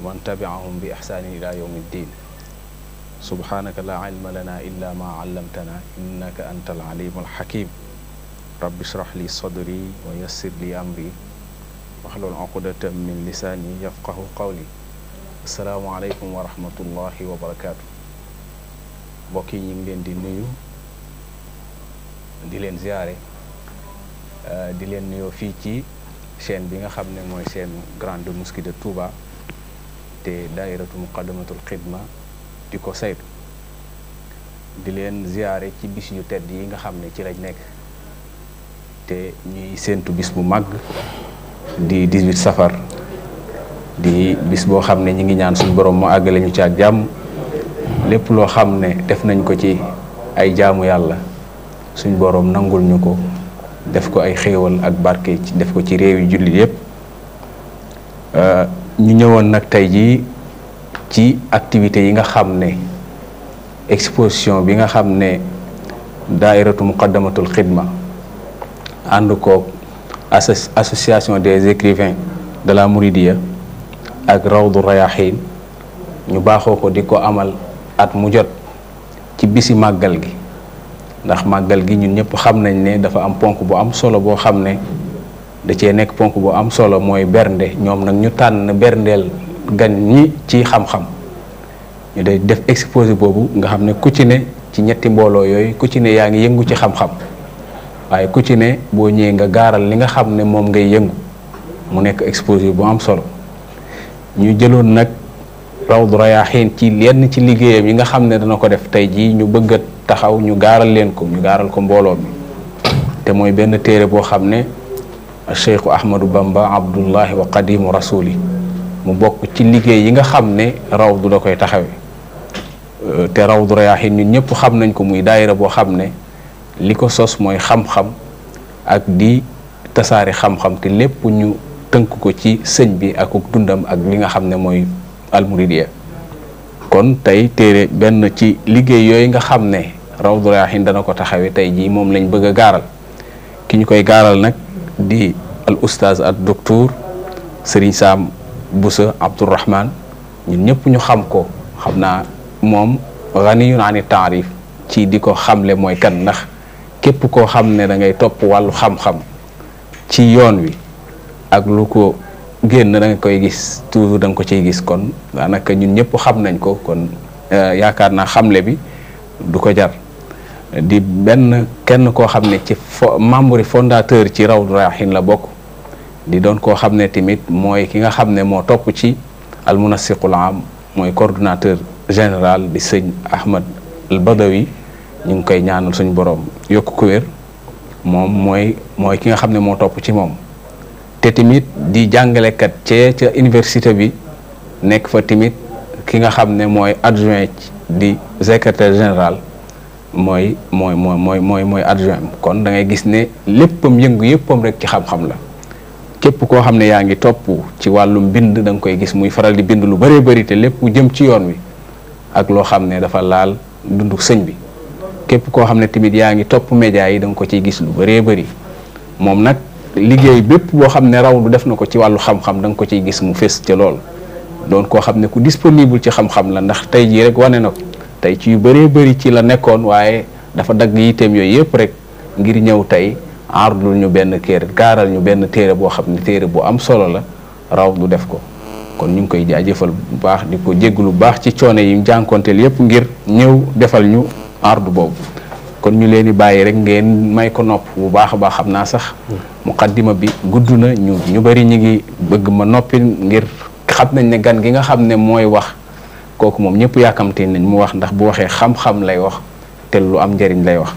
wa man tabiahum bi ixsaanin ila yowmi ddin subhaanaka laa ilma lana illa ma allamtana innaka anta al alimu alxakim rabbi shrah li sadri wa yassir li amri waxlul uqdatan min lisaani yafqahu qawli asalaamu aleykum wa wa barakaatu mbokk yi ñu ngi leen di nuyu di leen ziyaare di leen nuyoo fii ci chaîne bi nga xam ne mooy chaîne Grande Mosquée de te daairatu muqaddamatul xidma di ko saytu di leen ziyaare ci bis yu tedd yi nga xam ne ci lañ nekk te ñuy séentu bis bu màgg di 18 safar di bis boo xam ne ñi ngi ñaan suñu borom mu àggale ñu ci ak jàmm lépp loo xam ne def nañ ko ci ay jaamu yàlla suñ boroom nangul ñu ko def ko ay xéewal ak barke ci def ko ci réew yi jullit yépp ñu ñëwoon nag tey jii ci activités yi nga xam ne exposition bi nga xam ne daairatu muqaddamatul xidma ànd koog association des écrivains de la Mouridiya ak rawdu rayaxiin ñu baaxoo ko di ko amal at mu jot ci bisi màggal gi ndax màggal gi ñun ñëpp xam nañ ne dafa am ponk bu am solo boo xam ne da cee nekk ponk bu am solo mooy bernde ñoom nag ñu tànn berndeel gan ñi ci xam-xam ñu day def exposé boobu nga xam ne ku ci ne ci ñetti mbooloo yooyu ku ne yaa ngi yëngu ci xam-xam waaye ku ne boo ñëwee nga gaaral li nga xam ne moom ngay yëngu mu nekk exposé bu am solo ñu jëloon nag rawdu rayaaxiin ci lenn ci liggéeyam yi nga xam ne dana ko def tey jii ñu bëgg taxaw ñu gaaral leen ko ñu gaaral ko mbooloo bi te mooy benn téere boo xam ne cheikhu ahmadou bamba abdullahi wa qadimu rasuli mu bokk ci liggéey yi nga xam ne rawdu da koy taxawe euh, te raw rawdu rayaaxin ñun ñëpp xam nañ ko muy daayira boo xam ne li ko sos mooy xam-xam ak di tasaari xam-xam te lépp ñu tënk ko ci sëñ bi ak dundam ak li nga xam ne mooy almuridiya kon tey téere benn ci liggéey yooyu nga xam ne raw rawdu rayaaxin dana ko taxawe tey jii moom lañ bëgg a gaaral ki ñu koy gaaral nag di al oustaz ak docteur Serigne Sam Boussa Abdourahman ñun ñëpp ñu xam ko xam naa moom ganiyun ani taarif ci di ko xamle mooy kan ndax képp koo xam ne da ngay topp wàllu xam-xam ci yoon wi ak lu ko génn danga koy gis toujours da nga ko ciy gis kon daanaka ñun ñëpp xam nañ ko kon euh, yaakaar naa xamle bi du ko jar di benn kenn koo xam ne ci fo membre fondateur ci Rawdu Rayaahiin la bokk di doon koo xam ne tamit mooy ki nga xam ne moo topp ci almunasiqul am mooy coordonnateur général di sëñ Ahmad al ñu ngi koy ñaanal suñu borom yokk ko moom mooy mooy ki nga xam ne moo topp ci moom te tamit di jàngalekat cee ca université bi nekk fa tamit ki nga xam ne mooy adjoint di secrétaire général mooy mooy mooy mooy mooy mooy adjoint kon da ngay gis ne léppam yëngu yëppam rek ci xam-xam la képp koo xam ne yaa ngi topp ci wàllum bind da nga koy gis muy faral di bind lu bëree bëri te lépp jëm ci yoon wi ak loo xam ne dafa laal dundu sëñ bi képp koo xam ne tamit yaa ngi topp média yi da nga ko ciy gis lu bëree bari moom nag liggéey bépp boo xam ne raw du def na ko ci wàllu xam-xam da nga ko ciy gis mu fés ca lool doon koo xam ne ku disponible ci xam-xam la ndax tey jii rek wane na ko tey ci yu bëree bëri ci la nekkoon waaye dafa dagg yiteem yooyu yëpp rek ngir ñëw tey aardul ñu benn téere gaaral ñu benn téere boo xam ne téere bu am solo la raw du def ko kon ñu ngi koy jaajëfal bu baax di ko jégg lu baax ci coono yi jànkonteel yëpp ngir ñëw defal ñu ardu boobu kon ñu leen di bàyyi rek ngeen may ko nopp bu baax a baax xam naa sax muqaddima bi gudd na ñu ñu bari ñu ngi bëgg ma noppi ngir xam nañ ne gan gi nga xam ne mooy wax kooku moom ñëpp yaakamte nañ mu wax ndax bu waxee xam-xam lay wax te lu am njariñ lay wax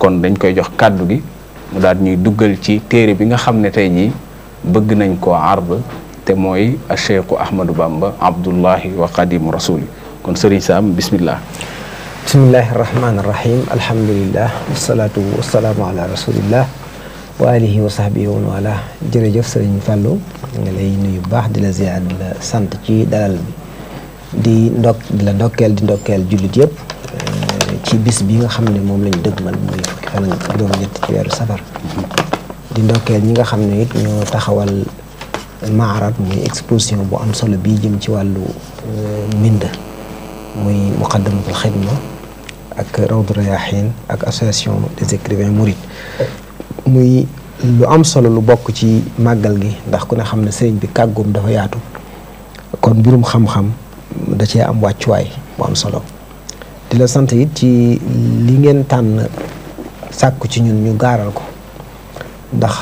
kon dañ koy jox kàddu gi mu daal ñuy duggal ci téere bi nga xam ne tey jii bëgg nañ ko arb te mooy Cheikhu Ahmadou Bamba Abdullahi wa Xadimu Rasuli kon sëriñ Saam bismillah bismillahi rahmaani rahim alhamdulillah wasalaatu wasalaamu ala rasulillah wa alihi wa sahbihi wa wala jërëjëf sëriñ Fallou nga lay nuyu baax di la ziar sant ci dalal bi di ndok la ndokkeel di ndokkeel jullit yëpp euh, ci bis bi nga xam ne moom lañu dëgmal muy fukki fan ak juróom-ñett ci weeru safar di ndokkeel ñi nga xam ne it ñoo taxawal maarat muy exposition bu am solo bi jëm ci wàllu euh, mbind muy muqaddamatul xidma ak rawdu rayahin ak association des écrivains mourides muy lu am solo lu bokk ci màggal gi ndax ku ne xam ne sëriñ bi kàggoom dafa yaatu kon mbirum xam-xam da cee am wàccuwaay bu am solo di la sant it ci li ngeen tànn sàkku ci ñun ñu gaaral ko ndax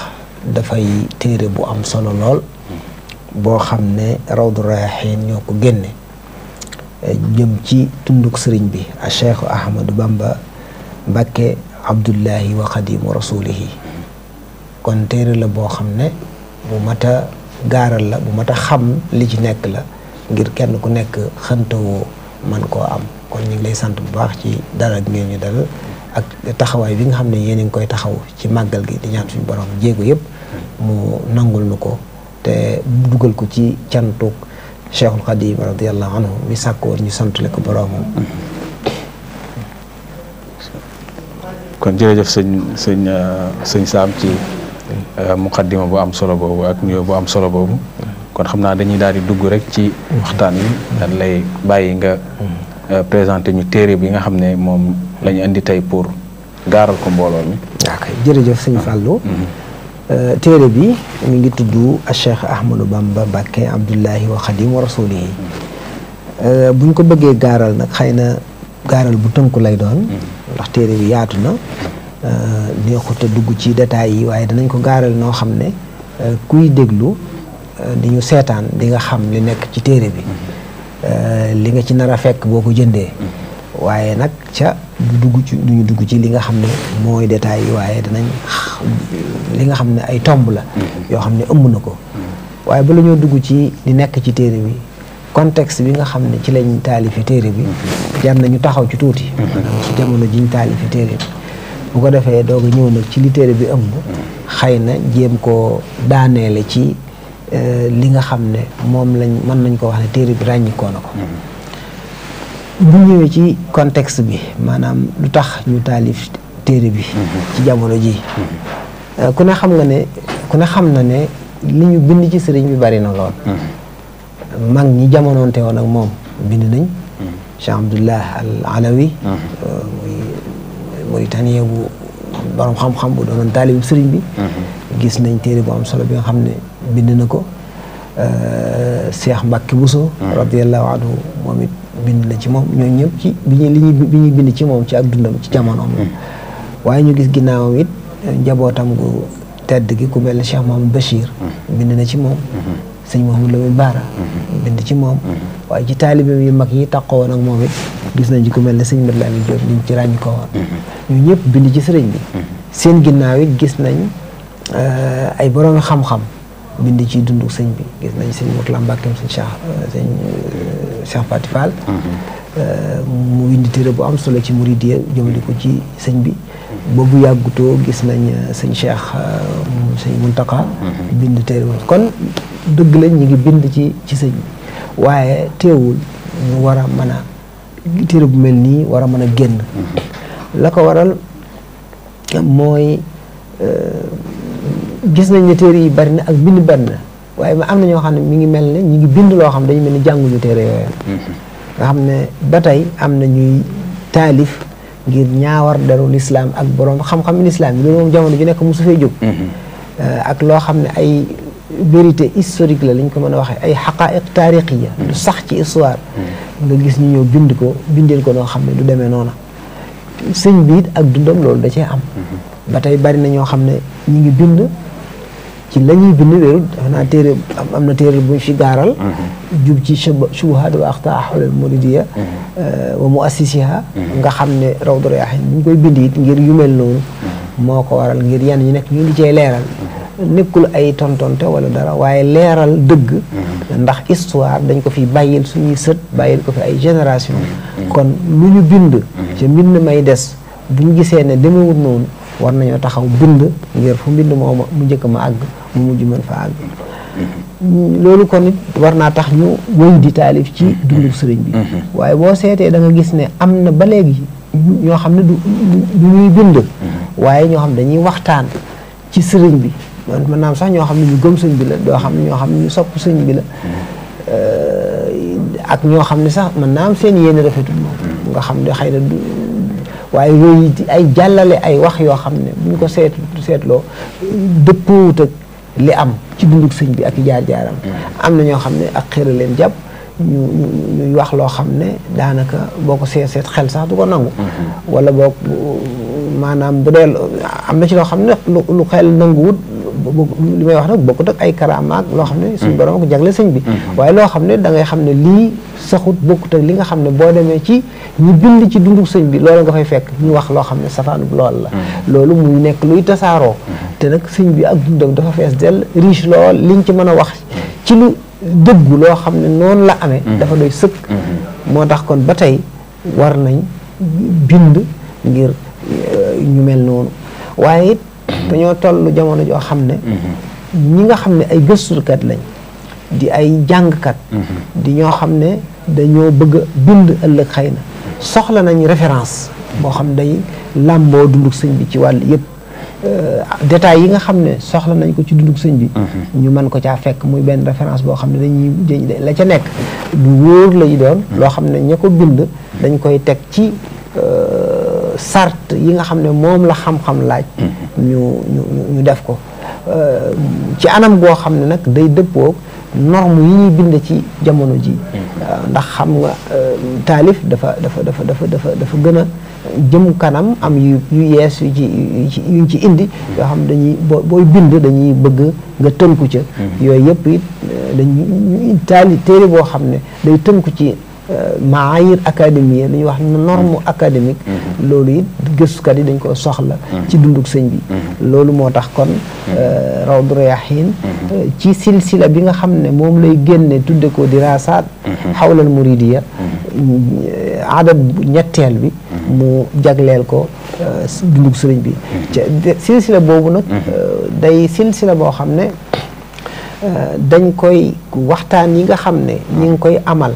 dafay téere bu am solo lool boo xam ne Rawdu Rayaahiin ñoo ko génne jëm ci tunduk sëriñ bi a Cheikh Ahmadou Bamba Mbakke Abdullahi wa Xadimu Rasulihi kon téere la boo xam ne bu mat gaaral la bu mat a xam li ci nekk la ngir kenn ku nekk xëntawoo man koo am kon ñu ngi lay sant bu baax ci dara bi ngeen ñu dalal ak taxawaay bi nga xam ne yéen a ngi koy taxaw ci màggal gi di ñaan suñu borom jéego mu nangul ko te dugal ko ci cantuk Cheikhul Khadim radiallahu anhu mi sàkkoon ñu santale ko boroomam kon jërëjëf sëñ sëñ sëñ Saam ci eh, muqaddima bu am solo boobu ak nuyoo bu am solo boobu kon xam naa dañuy daal di dugg rek ci waxtaan wi dañ lay bàyyi nga hmm. euh, présenté ñu téere bi nga xam ne moom la indi tey pour gaaral ko mbooloo mi. ok jërëjëf sëñ Fallou. Hmm. Hmm. Euh, téere bi mi ngi tudd Cheikh Ahmadou Bamba Mbacké Abdullahi wa Xadim wa Rasulihi bu euh, buñ ko bëggee gaaral nag xëy na gaaral bu tënku lay doon. ndax téere bi yaatu na. neexut a dugg ci détails yi waaye danañ ko gaaral noo xam ne kuy déglu. di ñu seetaan di nga xam li nekk ci téere bi mhm. li nga ci nar a fekk boo ko jëndee mhm. waaye nag ca du dugg ci duñu dugg ci li nga xam ne mooy détails yi waaye danañ li nga xam ne ay tomb la mhm. yoo xam ne ëmb na ko waaye ba la dugg ci li nekk ci téere bi contexte bi nga xam ne ci lañ taalifi téere bi jar nañu taxaw ci tuuti ci jamono jiñ taalifi téere bi bu ko defee doog a ñëw nag ci li téere bi ëmb xëy na jéem koo daaneele ci Euh, li nga xam ne moom lañ mën nañ ko wax ne téere bi ràññikoo na ko hmm. bu ñëwee ci contexte bi maanaam lu tax ñu taalif téere bi hmm. ci jamono ji hmm. euh, ku ne xam nga ne ku ne xam na ne li ñu bind ci sëriñ bi bari na lool mag ñi jamonoonte woon ak moom bind nañ Cheikh Abdullah al Alawi euh, muy Mauritanie bu borom xam-xam bu doonoon taalib sëriñ bi gis nañ téere bu am solo bi nga xam ne bind na ko euh, Cheikh Mbacke Bousso hmm. radiallahu anhu moom it bind na ci moom ñoo ñëpp bi ñu bind ci moom ci ak dundam ci jamonoom hmm. waaye ñu gis ginnaawam it njabootam gu tedd gi ku mel hmm. bind na ci moom sëñ Mouhamadou bind ci moom waaye ci taalibeem yu mag yi taqoo woon moom it gis nañ ci ku mel ne sëñ Mouhamadou Lamine Diop liñ ci ràññ ko woon ñu ñëpp bind ci sëriñ bi seen ginnaaw it gis nañ euh, ay borom xam-xam bind ci dundu sëñ bi gis nañ sëñ Mourtala Mbackeem sëñ Cheikh euh, sëñ euh, mm-hmm. euh, mu bind téere bu am solo ci Mouridiyya jëmale ko ci sëñ bi boobu yàggutoo gis nañ sëñ Cheikh sëñ Mountakha mm-hmm. bind téere kon dëgg lañ ñu ngi bind ci ci sëñ bi waaye teewul ñu war a mën a téere bu mel nii war a mën a génn mm-hmm. la ko waral mooy gis nañ ne téere yi bari na ak bind bari na waaye ma am na ñoo xam ne mi ngi mel ne ñu ngi bind loo xam dañu mel ni jànguñu téere yooyu nga ne ba tey am na ñuy taalif ngir ñaawar daru lislaam ak borom xam-xam lislaam yi loolu moom jamono ju nekk mosu fee jóg mm-hmm. ak loo xam ne ay vérité historique la liñ ko mën a waxee ay xaqaa'iq taarixiya mm-hmm. lu sax ci histoire mm-hmm. nga gis ñu ñëw bind ko bindeel ko noo xam ne du demee noona sëñ biit ak dundam loolu da cee am ba tey bari na ñoo xam ne ñu ngi bind ci la ñuy bind loolu dafa naa téere am na téere bu ñu fi gaaral mhm. jub ci shubuhaat wa axtaa xawlal muridiya mhm. euh, wa mu assisiha mhm. nga xam ne rawdu rayaahin bu ñu koy bind it ngir yu mel noonu moo ko waral ngir yenn ñu nekk ñu di cee leeral nekkul ay tontonte wala dara waaye leeral dëgg ndax histoire dañ ko fi bàyyil suñuy sët bàyyil ko fi ay génération kon lu ñu bind ci mbind may des bu gisee ne demewut noonu war nañoo taxaw bind ngir fu mbind mooma mu njëkk ma àgg mu mujj mën fa àgg loolu kon it war naa tax ñu wëy di taalif ci mm-hmm. dundub sëriñ bi mm-hmm. waaye boo seetee da gis ne am na ba léegi ñoo xam ne du du ñuy bind mm-hmm. waaye ñoo xam dañuy waxtaan ci sëriñ bi maanaam sax ñoo xam ne ñu gëm sëñ bi la doo xam ne ñoo xam ne ñu sopp sëñ bi la ak ñoo xam ne sax mën naa am seen yéene rafetul moom nga xam ne xëy na du waaye yooyu ay jàllale ay wax yoo xam ne bu ñu ko seet seetloo dëppoowut ak li am ci dunduk sëñ bi ak jaar-jaaram mm. am na ñoo xam ne ak xëra leen jàpp ñu ñuy wax loo xam ne daanaka boo ko seet seet xel sax du ko nangu mm-hmm. wala boo maanaam bu dee am na ci loo xam ne lu xel nanguwut li may wax nag bokkut ak ay karaamaak loo xam ne suñu borom ko jagle sëñ bi waaye loo xam ne dangay xam ne lii saxut bokkut ak li nga xam ne boo demee ci ñu bind ci dundu sëñ bi loolu nga fay fekk ñu wax loo xam ne safaanub lool la mm. loolu muy nekk luy tasaaroo mm-hmm. te nag sëñ bi ak dundam dafa fees dell riche lool liñ ci mën a wax mm. ci lu dëggu loo xam ne noonu la amee mm. dafa doy sëkk mm-hmm. moo tax kon ba tey war nañ bind ngir eh, ñu mel noonu waaye it dañoo toll jamono joo xam ne ñi nga xam ne ay gëstukat lañ di ay jàngkat mhm. di ñoo xam ne dañoo bëgg a bind ëllëg xëy na soxla nañ référence boo xam ne day làmboo dundug sëñ bi ci wàll yëpp euh, détails yi nga xam ne soxla nañ ko ci dundug sëñ bi mhm. mën ko caa fekk muy benn référence boo xam ne dañuy la ca nekk du wóor lay doon mhm. loo xam ne ña ko bind dañ koy teg ci euh, sart yi nga xam ne moom la xam-xam laaj mm-hmm. ñu ñu def ko euh, ci anam goo xam ne nag day dëppook norme yi ñuy bind ci jamono ji mm-hmm. euh, ndax xam nga euh, taalif dafa dafa dafa dafa dafa dafa gën a jëm kanam am yu yu yees yu ci yuñ ci indi mm-hmm. yoo xam dañuy boo booy bind dañuy bëgg nga tënku ca yooyu yëpp it dañuy taali téere boo xam ne day tënku ci maayir académie li ñuy wax norme mhm. académique mhm. loolu it gëstukat yi dañ koo soxla mhm. ci dunduk sëñ bi loolu moo tax kon euh, Rawdu Rayaahiin euh, ci silsila bi nga xam ne moom lay génne tudde ko diraasaat xawlal muridiya euh, adat ñetteel bi mu jagleel ko dunduk sëriñ bi ca boobu nag day silsila boo xam ne dañ koy waxtaan yi nga xam ne ñu ngi koy amal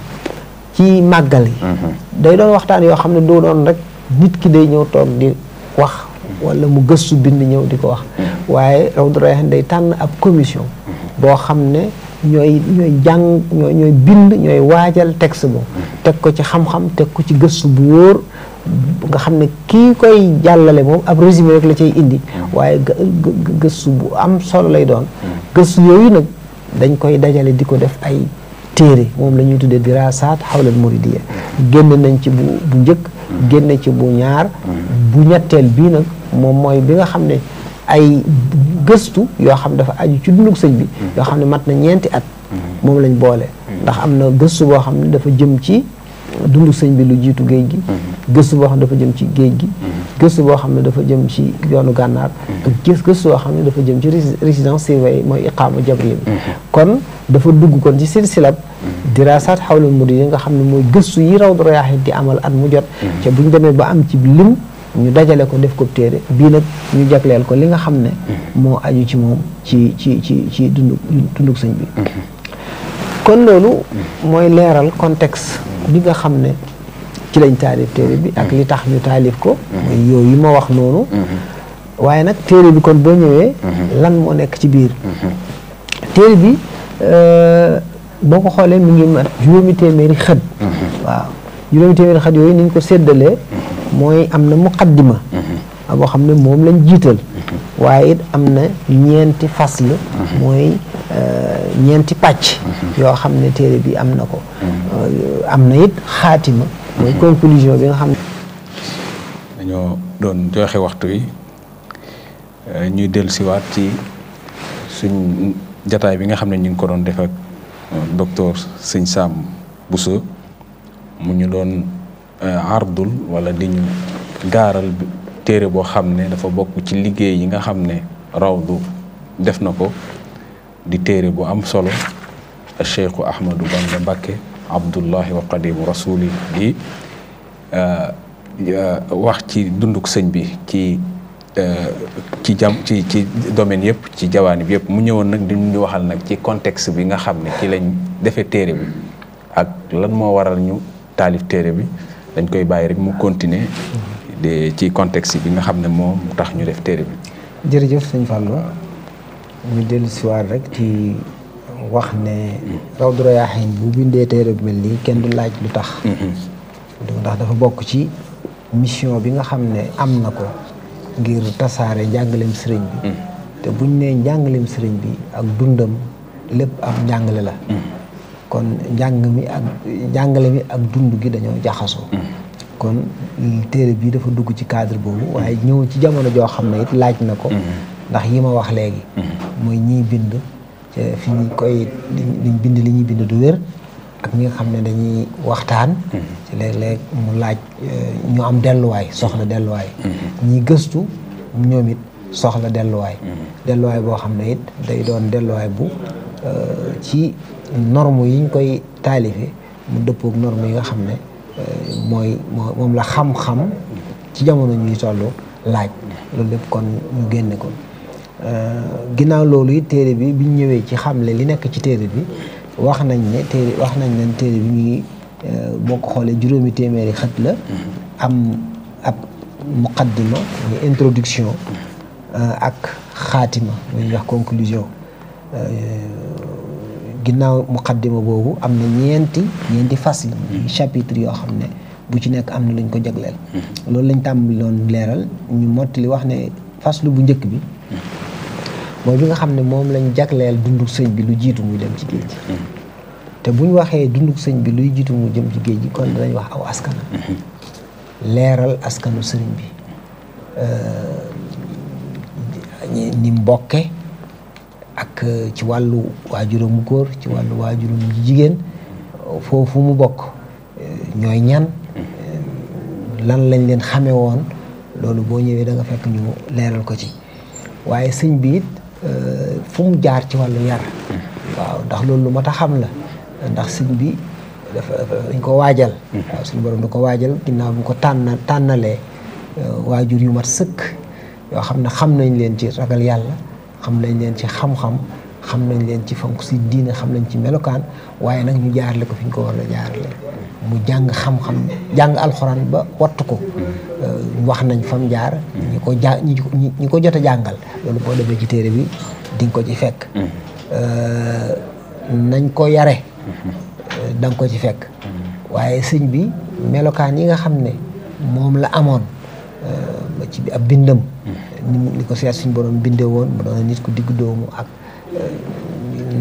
ci màggal yi mhm. day doon waxtaan yoo xam ne doo doon rek nit ki day ñëw toog di wax walla mu gëstu bind ñëw di ko wax mhm. waaye Rawdu Rayaahin day tànn ab commission mhm. boo xam ne ñooy ñooy jàng bind ñooy waajal texte boobu teg ko ci xam-xam teg ko ci gëstu bu wóor nga xam ne kii koy jàllale moom ab résime rek la cay indi waaye gëstu bu am solo lay doon gëstu yooyu nag dañ koy dajale di ko def ay téere moom la ñuy tuddee dirasaat xawlal muridiya génn nañ ci bu njëkk génn ci bu ñaar bu ñetteel bii nag moom mooy bi nga xam ne ay gëstu yoo xam dafa aju ci dundug sëñ bi yoo xam ne mat na ñeenti at mm-hmm. moom lañ boole mm-hmm. ndax am na gëstu boo xam ne dafa jëm ci dundu sëñ bi lu jiitu géej gi mhm. gëstu boo xam ne dafa jëm ci géej gi mhm. gëstu boo xam ne dafa jëm ci yoonu gànnaar mhm. ak gës gëstu boo xam ne dafa jëm ci résidence surveillée mooy iqaama jabriya kon dafa dugg kon ci silsilab diraasaat xawla murid nga xam ne mooy gëstu yi raw du di amal at mu jot te buñ demee ba am ci lim ñu dajale ko def ko téere bii nag ñu jagleel ko li nga xam ne moo aju ci moom ci ci ci ci dundug sëñ bi kon loolu mooy leeral contexte bi nga xam ne ci lañ taalif téere bi ak yi tax ñu taalif ko yooyu yi ma wax noonu waaye nag téere bi kon boo ñëwee lan moo nekk ci biir téere bi euh, boo ko xoolee mu ngi mat juróomi téeméeri xët waaw juróomi téeméeri yooyu ni ñu ko séddalee mooy am na muqaddima boo xam ne moom lañ jiital waaye it am na ñeenti fasl mooy Euh, ñeenti pàcc. yoo xam ne téere bi am na ko. Euh, am na it xaatima. mooy conclusion bi nga xam dañoo doon joxe waxtu wi euh, ñuy dellusiwaat ci suñ jataay bi nga xam ne ñu ngi ko doon def ak docteur Sëñ Sam Bousso mu ñu doon ardul wala di ñu gaaral téere boo xam ne dafa bokk ci liggéey yi nga xam ne rawdu def na ko. di téere bu am solo cheikhu ahmadou bamba mbakke abdullahi wa qadimu rasuli di euh, euh, wax ci dunduk sëñ bi ci euh, ci jam ci ci domaine yëpp ci jawaanib yëpp mu ñëwoon nag di ñu waxal nag ci contexte bi nga xam ne ci lañ defee téere bi ak lan moo waral ñu taalif téere bi dañ koy bàyyi rek mu continuer de ci contexte bi nga xam ne moom tax ñu def téere bi ñu dellu siwaat rek ci wax ne Rawdu Rayaahiin bu bindee téere bu mel nii kenn du laaj lu tax mm-hmm. ndax dafa bokk ci mission bi nga xam ne am na ko ngir tasaare njàngaleem sëriñ bi mm-hmm. te buñ nee njàngaleem sëriñ bi ak dundam lépp am njàngale la mm-hmm. kon njàng mi ak njàngale mi ak dund gi dañoo jaxasoo kon téere bii dafa dugg ci cadre boobu waaye ñëw ci jamono joo xam ne it laaj na ko ndax yi ma wax léegi mm-hmm. mooy ñiy bind ci fi ñu koy liñ bind li ñuy bind du wér ak ñi nga xam ne dañuy waxtaan ci mm-hmm. léeg-léeg mu laaj euh, ñu am delluwaay soxla delluwaay mm-hmm. ñi gëstu ñoom it soxla delluwaay delluwaay boo xam ne it day delluwaay bu euh, ci norme yi koy taalife dëppook norme yi nga xam ne euh, mooy moom la xam-xam ci jamono ñuy toll laaj loolu lépp kon ñu génne ko Euh, ginnaaw loolu it téere bi biñ ñëwee ci xamle li nekk ci téere bi wax nañ ne téere wax nañ ne téere bi ñu ngi euh, boo ko xoolee juróomi téeméeri xët la mm-hmm. am ab muqaddima muy introduction euh, ak xaatima muy wax conclusion ginnaaw muqaddima boobu am na ñeenti ñeenti fas yi mm-hmm. chapitre yoo xam ne bu ci nekk am na lañ ko jagleel mm-hmm. loolu lañ tàmbali loon leeral ñu li wax ne faslu bu njëkk bi mooy bi nga xam ne moom lañ jagleel dunduk sëñ bi lu jiitu muy dem ci géej gi te buñ waxee dunduk sëñ bi luy jiitu mu jëm ci géej gi kon danañ wax aw askan leeral askanu sëriñ bi euh, ni mbokke ak ci wàllu waajuram mu góor ci wàllu waajuram mu jigéen foofu mu bokk euh, ñooy ñan euh, lan lañ leen xame woon loolu boo ñëwee da fekk ñu leeral ko ci waaye sëñ bi it fu mu jaar ci wàllu yar waaw ndax loolu lu mat a xam la ndax sëñ bi dafa dañ ko waajal waaw suñu borom da ko waajal ginnaaw bu ko tànna tànnalee euh, waajur yu mat sëkk yoo xam ne xam nañ leen ci ragal yàlla xam nañ leen ci xam-xam xam nañ leen ci fonk si diine xam nañ ci melokaan waaye nag ñu jaarale ko fi ñu ko war a jaarale mu jàng xam-xam jàng alxuraan ba wattu ko wax nañ fam jaar ñi ko ja ñi ko jot a jàngal loolu boo demee ci téere bi di ko ci fekk mm-hmm. nañ ko yare mm-hmm. da nga ko ci fekk mm-hmm. waaye sëñ bi melokaan yi nga xam ne moom la amoon eh, ci ab bindam ni ko seet suñ borom binde woon mu doon nit ku diggu doomu ak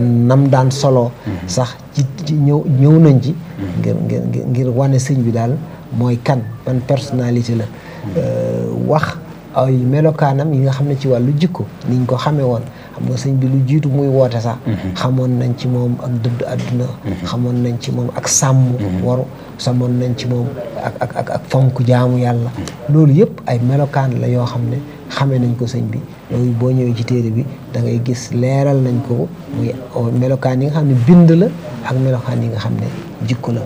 nam daan solo. Mhm. sax ci ci ñëw ñëw nañ ci. ngir ngir ngir wane sëñ bi daal mooy kan ban personnalité la. Mhm. Euh, wax ay melokaanam yi nga xam ne ci wàllu jikko niñ ko xamee woon. xam nga sëñ bi lu jiitu muy woote sax. Mhm. xamoon nañ ci moom ak dëdd àdduna. xamoon nañ ci moom ak sàmm. waru samoon nañ ci moom ak ak ak fonk jaamu yàlla. loolu yëpp ay melokaan la yoo xam ne xame nañ ko sëñ bi. yooyu boo ñëwee ci téere bi dangay gis leeral nañ ko melokaan yi nga xam ne bind la ak melokaan yi nga xam ne jikko la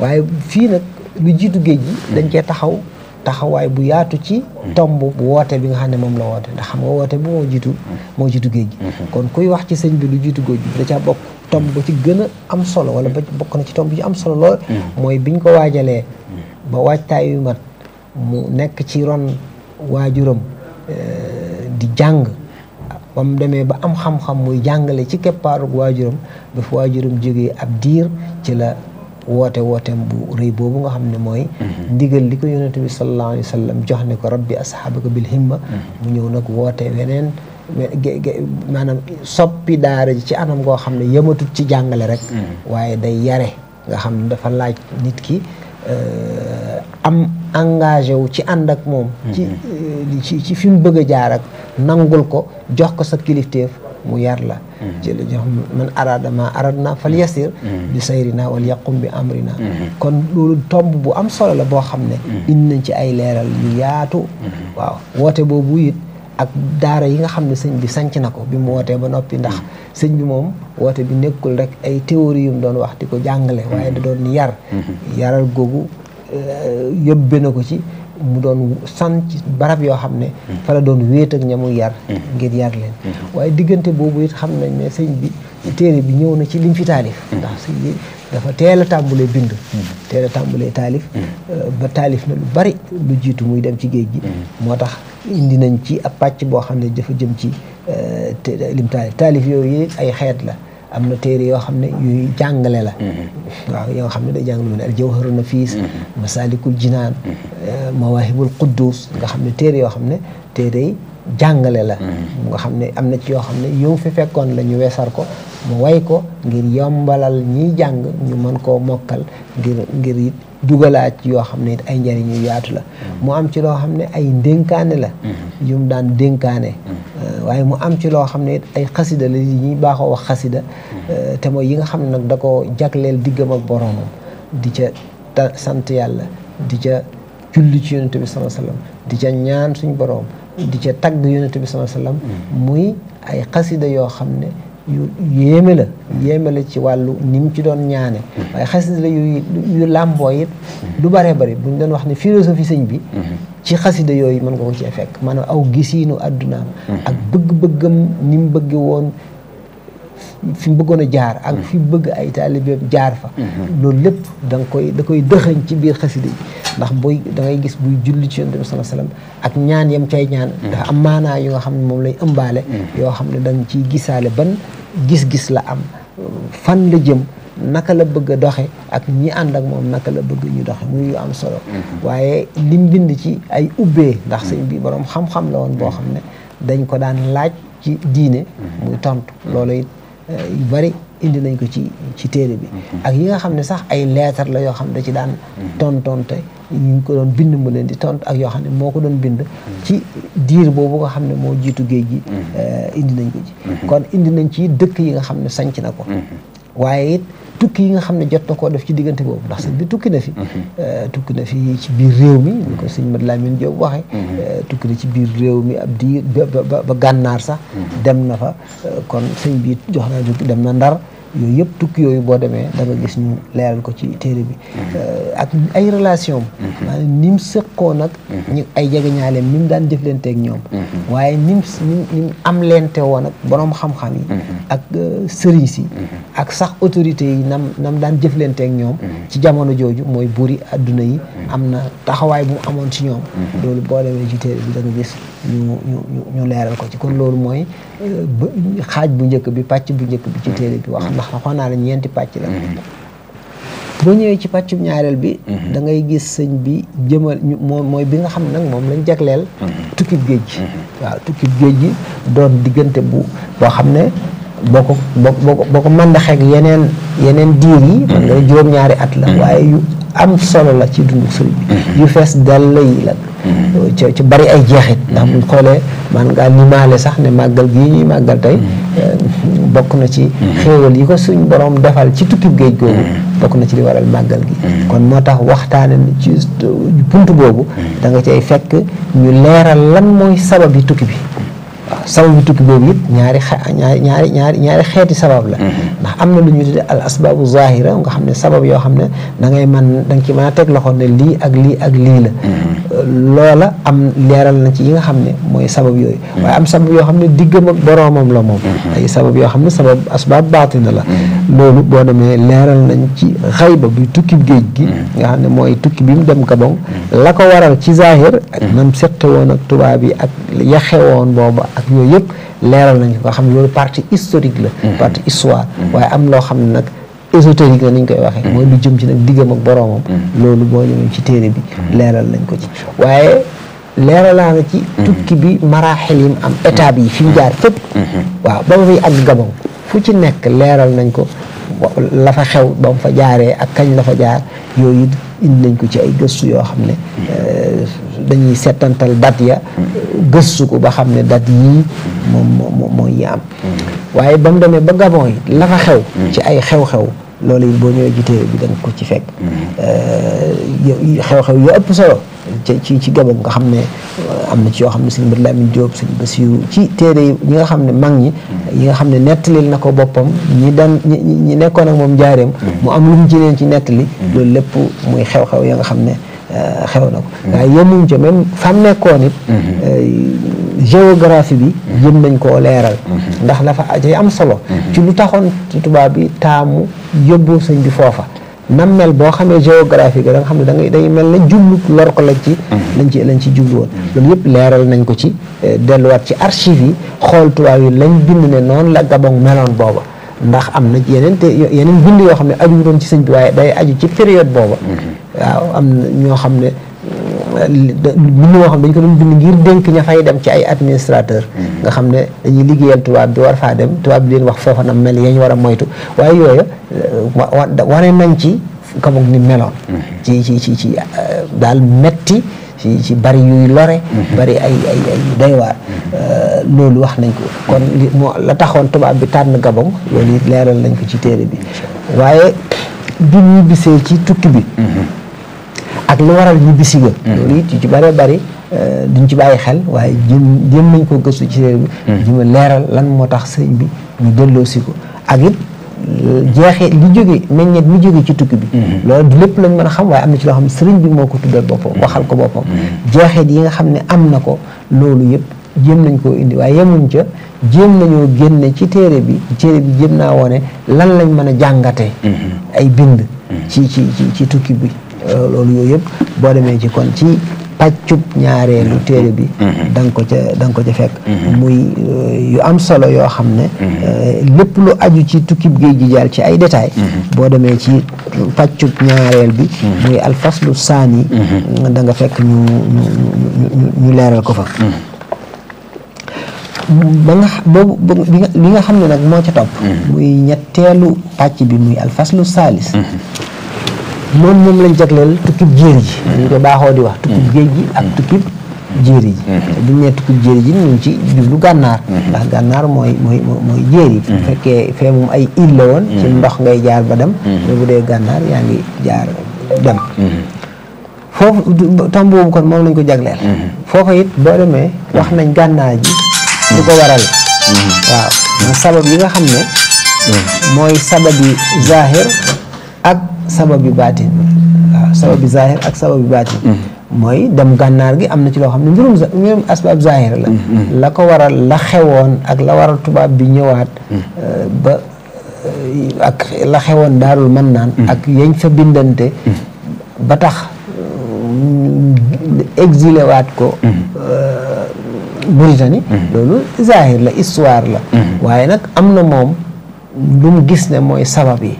waaye fii nag lu jiitu géej gi dañ kee taxaw taxawaay bu yaatu ci tomb bu woote bi nga xam ne moom la woote ndax xam nga woote bu moo jiitu moo jiitu géej gi kon kuy wax ci sëñ bi lu jiitu géej gi da caa bokk tomb ba ci gën a am solo wala ba bokk na ci tomb ci am solo lool mooy biñ ko waajalee ba waajtaay mat mu nekk ci ron waajuram Euh, di jàng ba mu demee ba am xam-xam muy jàngale ci keppaarug waajuram ba fu waajuram jógee ab diir ci la woote wooteem bu rëy boobu nga xam ne mooy mhm. ndigal li ko yonente bi sallallahu alayhi wa sallam jox ne ko rabbi asxaabaka bil himma mhm. mu ñëw nag woote weneen maanaam soppi daara ji ci anam goo xam ne yematut ci jàngale rek mhm. waaye day yare nga xam dafa laaj nit ki euh, am engagé wu ci ànd ak moom. Mm-hmm. ci eh, ci ci fi mu bëgg jaar ak nangul ko jox ko sa kilifteef mu yar la. ci mm-hmm. la jox man araada ma aradna fal yasir mm-hmm. bi sayrina wal yaqum bi amrina kon loolu tomb bu am solo la boo xam ne. indi nañ ci ay leeral yu yaatu. waaw woote boobu it ak daara yi nga xam ne sëñ bi sanc na ko bi mu wootee ba noppi ndax sëñ bi moom woote bi nekkul rek ay théorie yu mu doon wax di ko jàngale. waaye da doon yar. yaral googu. Eh, yóbbe na ko ci mu doon san ci barab yoo xam ne hmm. fa doon wéet ak ñamu yar hmm. ngir yar leen hmm. waaye diggante boobu it xam nañ ne sëñ bi téere bi ñëw na ci liñ fi taalif ndax si bi dafa teel a tàmbulee bind teel a taalif eh, ba taalif na lu bari lu jiitu muy dem ci géej gi moo tax indi nañ ci ab pàcc boo xam ne dafa jëm ci eh, lim taalif taalif yooyu ay xeet la am na téere yoo xam ne yuy jàngale la mm-hmm. waaw yoo xam ne day jàngale mu ne al jawharu nafis mm-hmm. masalikul jinaan mm-hmm. eh, mawahibul quddus nga xam ne téere yoo xam ne téere yi jàngale la mm. mu nga xam ne am na ci yoo xam ne yow fi fekkoon la ñu weesar ko mu way ko ngir yombalal ñiy jàng ñu mën koo mokkal ngir it dugalaat ci yoo xam ne it ay njëriñ yu yaatu la mm. mu am ci loo xam ne ay dénkaane la mm. yu daan dénkaane euh, waaye mu am ci loo xam ne it ay xasida la yi ñuy baaxoo wax xasida euh, te mooy yi nga xam ne nag da ko jagleel diggam ak boroom di ca sant yàlla di ca julli ci yonent bi sallallahu di ca ñaan suñ boroom di ca tagg yonent bi sallallahu alayhi wasallam mm. muy ay xasida yoo xam ne yu yéeme la mm. yéeme la ci wàllu ni mu ci doon ñaane mm. waaye xasida la yu yu làmboo it du bare bari buñ doon wax ne philosophie sëñ bi ci xasida yooyu mën nga ko cee fekk maanaam aw gisiinu àddunaam ak bëgg-bëggam ni bëgge woon fi mu bëggoon a jaar ak fi bëgg ay jaar fa loolu lépp da koy da koy dëxañ ci biir xasida yi ndax booy da ngay gis buy julli ci yonent bi sallallahu ak ñaan yam cay ñaan am maanaa yu nga xam ne moom lay ëmbaale yoo xam ne dañ ciy gisaale ban gis-gis la am fan la jëm naka la bëgg a doxe ak ñi ànd ak moom naka la bëgg ñu doxe muy am solo waaye lim bind ci ay ubbee ndax sëñ bi boroom xam-xam la woon boo xam ne dañ ko daan laaj ci diine muy tontu loolu it yu bari indi nañ ko ci ci téere bi mhm. ak yi nga xam ne sax ay leetar la yoo xam ne da ci daan mhm. tontonte ñu ngi ko doon bind mu leen di tont ak yoo xam ne moo ko doon bind mhm. ci diir boobu nga xam ne moo jiitu géej gi euh, indi nañ kon indi nañ ci dëkk yi nga xam ne sañc na ko waaye it tukki yi nga xam ne jot na koo def ci diggante boobu ndax sëñ bi tukki na fi mhm. euh, tukki na fi ci biir réew mi ni ko mhm. sëñ Mad Lamine Diop waxee mhm. euh, tukki na ci biir réew mi ab diir ba gànnaar sax dem na fa euh, kon sëñ bi jox naa dem na ndar yooyu yëpp tukki yooyu boo demee da gis ñu leeral ko ci téere bi mm-hmm. ak ay relation nim mm-hmm. maanaam nag mm-hmm. ñu ay jegeñaaleem ni daan jëflanteeg ñoom waaye ni mu ni mu am leente woon ak borom xam-xam yi ak euh, sëriñ si ak sax autorité yi nam nam daan jëflanteeg ñoom ci jamono jooju mooy buuri àdduna yi am na taxawaay bu mu amoon ci ñoom loolu boo demee ci téere bi da gis ñu ñu ñu leeral ko ci kon loolu mooy euh, xaaj bu njëkk bi pàcc bu njëkk bi ci téere bi wax ndax waxoon naa la ñeenti pàcc la mm-hmm. boo ñëwee ci pàccu ñaareel bi mm-hmm. dangay gis sëñ bi jëmal moom mooy bi nga xam ne nag moom lañ jagleel mm-hmm. tukkib géej gi waaw tukkib géej gi doon diggante bu boo xam ne boo ko boo ko boo ko màndaxeek yeneen yeneen diir yi man nga mm-hmm. juróom-ñaari at la mm-hmm. waaye yu am solo la ci dundu sëriñ bi mm-hmm. yu fees dell yi la ci bari ay jeexit ndax buñ xoolee man ngaa nimaale sax ne màggal gii ñuy màggal tey euh, bokk na ci xéewal yi ko suñ borom defal ci tukkib géej googu bokk na ci li waral màggal gi kon moo tax waxtaane ci euh, bunt boobu danga nga ci ay fekk ñu leeral lan mooy sabab yi tukki bi waaw sabab bi tukki boobu it ñaari xa ñaari ñaari ñaari ñaari xeeti sabab la mhm. ndax am na lu ñu tuddee al asbabu zahira nga xam ne sabab yoo xam ne da ngay man da nga ci mën a teg loxo ne lii ak lii ak lii la mhm. loola am leeral na ci yi nga xam ne mooy sabab yooyu mhm. waaye am sabab yoo xam ne diggam ak boroomam la moom ay sabab yoo xam ne sabab asbab baatina la loolu boo demee leeral nañ ci xayba bi tukki géej gi mm. nga xam ne mooy tukki bi mu dem Gabon mm. la ko waral ci zahir ak mm. nam sette woon ak tubaab yi ak yaxe woon booba ak yooyu yëpp leeral nañ ko xam ne loolu partie historique la partie histoire waaye am loo xam ne nag ésotérique la ni ñu koy waxee mooy lu jëm ci nag diggam ak boroomam loolu boo ci téere bi leeral nañ ko ci waaye leeralaa na ci tukki bi maraaxil yi mu am étape yi fi mu jaar fépp mm-hmm. waaw ba ma fiy àgg Gabon fu ci nekk leeral nañ ko la fa xew ba mu fa jaaree ak kañ la fa jaar yooyu indi nañ ko ci ay gëstu yoo xam ne euh, dañuy setantal dat ya gëstu ko ba xam ne dat yii moom mooy yi am waaye ba mu demee ba Gabon yi la fa xew ci ay xew-xew loolu it boo ñëwee ji téere bi da ko ci fekk mm-hmm. euh, xew-xew yoo ëpp solo ci ci gabon nga xam ne euh, am na ci yoo xam ne si Bët Lamin Jóob sëñ ci téere yi nga xam ne mag ñi yi nga xam ne nettalil na ko boppam ñi daan ñi nekkoon ak moom jaareem mu am lu mu ci leen ci nettali loolu lépp muy xew-xew ya nga xam ne euh, xew na ko waaye yemuñ ca même fam nekkoon it euh, géographie bi jëm nañ koo leeral ndax dafa ajay am solo mm-hmm. ci lu taxoon tubaab bi taamu yóbbu sëñ bi foofa mel boo xamee géographique da nga xam ne dangay ngay day mel ne jublu lor ko lañ ci lañ ci lañ ci jublu woon loolu yëpp leeral nañ ko ci delluwaat ci archive yi xool tubaab yi lañ bind ne noonu la Gabon meloon booba ndax am na yeneen te yeneen bind yoo xam ne aju doon ci sëñ bi waaye day aju ci période booba waaw ñoo xam ne bind moo dañ ko doon bind ngir dénk ña fay dem ci ay administrateur nga xam ne dañuy liggéeyal tubaab bi war faa dem tubaab bi leen wax foofa na mel yañ war a moytu waaye yooyu eh, wane nañ ci kamuk ni meloon mm-hmm. ci ci ci ci eh, daal metti ci ci bari yuy lore mm-hmm. bari ay ay ay waar mm-hmm. eh, loolu wax nañ ko kon moo la taxoon tubaab bi tànn gabon loolu it leeral nañ ko ci téere bi waaye bi ñibbisee ci tukki bi ak lu waral ñu bisi ga mm-hmm. loolu it yu ci bëree bëri eh, duñ ci bàyyi xel waaye jëm jëm nañ koo gëstu ci réew bi jëm mm-hmm. leeral lan moo tax sëriñ bi ñu delloo si ko ak it eh, jeexee li jóge meññeet mi jóge ci tukki bi mm-hmm. loolu lépp lañ mën a xam waaye am na ci loo ne sëriñ moo ko tuddal boppam waxal ko boppam jeexeet yi xam ne am na ko loolu yëpp jéem nañ koo indi waaye yemuñ ca jéem nañoo génne ci téere bi téere bi jéem naa wane lan lañ mën a jàngate ay bind ci ci ci ci tukki bi Euh, loolu yooyu yëpp boo demee ci kon ci pàccub ñaareelu téere bi mm-hmm. da ko ca danga ko ca fekk mm-hmm. muy euh, yu am solo yoo xam ne mm-hmm. euh, lépp lu aju ci tukki géej gi jàll ci ay détails boo demee ci pàccub ñaareel bi muy alfaslu saani da fekk ñu ñu ñu leeral ko fa ba nga nga xam ne nag moo ca topp muy ñetteelu pàcc bi muy alfaslu saalis moom moom lañ jagleel tukkib jéeri ji dañ mm-hmm. ko baaxoo di wax tukkib géej gi ak jéeri ji mm-hmm. mm-hmm. bu ñu nee tukkib jéeri ji ñu ci jublu gànnaar ndax gànnaar mooy mooy mooy jéeri bu fekkee fee moom ay île woon ci ndox ngay jaar ba dem mais dee gànnaar yaa ngi jaar dem foofu tam boobu kon moom lañ ko jagleel foofa it boo demee wax nañ gànnaar ji du ko waral waaw sabab yi nga xam ne mooy sabab yi ak sabab yu baatin waaw ak sabab yu mm-hmm. mooy dem gànnaar gi am na ci loo xam ne mbirum mbirum asbaab zahir la mm-hmm. la ko waral la xewoon ak la waral tubaab bi ñëwaat mm-hmm. eh, ba eh, ak la xewoon daarul mën naan ak yañ fa bindante ba tax mm, exilé waat ko eh, Mauritanie loolu zahir la histoire la waaye nag am na moom lu gis ne mooy sabab yi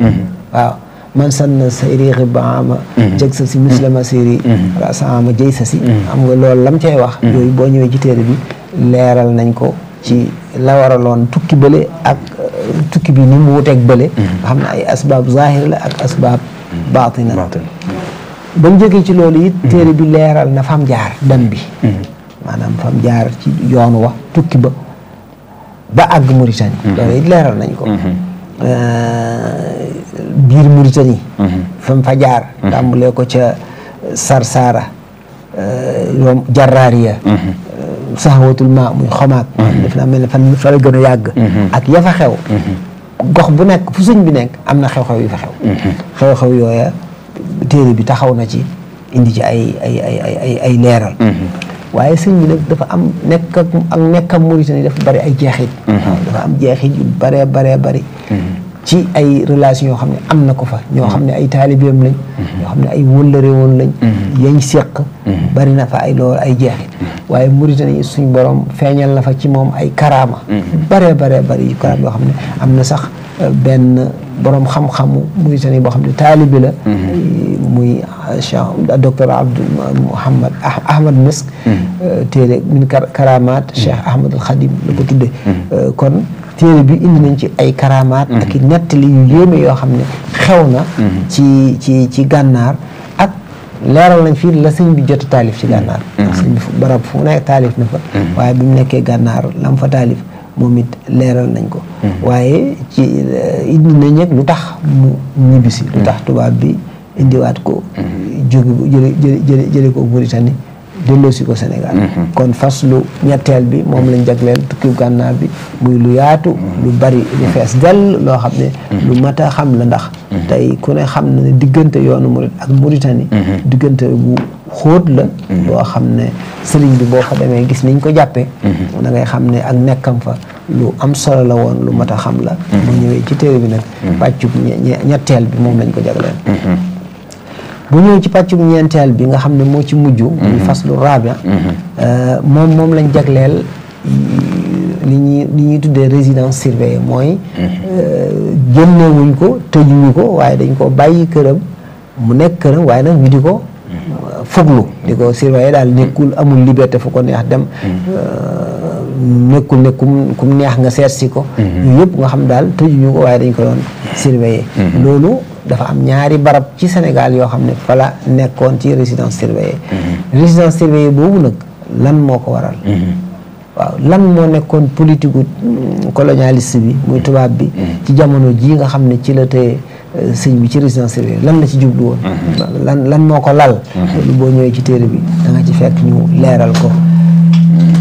man sanna sayri xibaama mm-hmm. jeg sa si muslima sayri rasaama mm-hmm. mm-hmm. jëy sa si xam nga loolu lam cay wax yooyu boo ñëwee ci téere bi leeral nañ ko ci la loon tukki bële ak euh, tukki bi ni mu wuteeg bële nga ay asbaab zahir la ak asbaab baatina ba mu ci lool it téere bi leeral na fam jaar dam bi maanaam fam jaar ci yoon tukki ba ba àgg Mauritanie loolu it leeral nañ ko euh, biir Mauritanie. Mhm. fa mu fa jaar. Mhm. ko ca euh, Sarsara. Euh, ñoom Jarraariya. Mhm. Euh, saxawatul ma muy mel ne fan fa la gën a ak ya xew. gox bu nekk fu sëñ bi nekk am na xew-xew yu fa xew. xew yooya téere bi taxaw na ci indi ci ay ay ay ay ay leeral. waaye sëñ bi nag dafa am nekk ak nekkam Mauritanie dafa bari ay jeexit. dafa am jeexit yu baree bari. ci ay relation yoo xam ne am na ko fa ñoo xam ne ay taalibeem lañ ñoo xam ne ay wëllëre woon lañ mm-hmm. yañ seq mm-hmm. bari na fa ay loolu ay jeexit mm-hmm. waaye Mauritanie suñ borom feeñal na fa ci moom ay karaama bare bare bari yoo xam ne am na sax euh, benn borom xam-xamu Mauritanie boo xam ne taalibe la muy euh, cheikh docteur Abdou Mouhamad Ahmad Misk euh, téere min karamaat cheikh Ahmad al Khadim tudde kon téere bi indi nañ ci ay karamaat mhm. ak i nettali yu yéeme yoo xam ne xew na mhm. ci ci ci gànnaar ak leeral nañ fii la sëñ bi jot taalif ci gànnaar mhm. sëñ bi barab fu nekk taalif na fa waaye bi mu nekkee gànnaar lam fa taalif moom it leeral nañ ko waaye ci eh, indi nañ lu tax mu ñibbisi lu tax tubaab bi indiwaat ko jóge jële jële jële ko Mauritanie delloosi ko senegal mhm. kon fas lu ñetteel bi moom lañ jagleel tukkib gànnaar bi muy lu yaatu mhm. lu bari lu mhm. fees dell loo xam ne lu mat xam la ndax tey ku ne xam na ne diggante yoonu murit ak Mauritanie diggante bu xóot la boo xam ne sëriñ bi boo fa demee gis niñ ko jàppee da ngay xam ne ak nekkam fa lu am solo la woon lu mat a xam la mu ñëwee ci téere bi nag pàccub ñetteel bi moom lañ ko jagleel bu ñëwee ci pàccum ñeenteel bi nga xam ne moo ci mujj muy mhm. faslu rabia mhm. euh, moom moom lañ jagleel euh, li ñuy li tuddee résidence surveillée mooy mhm. euh, génnewuñ ko tëjuñu ko waaye dañ ko bàyyi këram mu nekk këram waaye nag ñu di ko foglu di ko surveiller daal nekkul amul liberté fu ko neex dem nekkul ne kum kum neex nga seet si ko yooyu yëpp nga xam daal tëjuñu ko waaye dañ ko doon surveiller loolu dafa am ñaari barab ci Sénégal yoo xam ne fa la nekkoon ci résidence surveillée mhm. résidence surveillée boobu nag lan moo ko waral mhm. waaw lan moo nekkoon politique mm, colonialiste bi muy mhm. tubaab bi ci jamono ji nga xam ne ci la tëye euh, sëñ bi ci résidence surveillée lan la ci jublu woon lan lan moo ko lal lu boo ñëwee ci téere bi danga ci fekk ñu leeral ko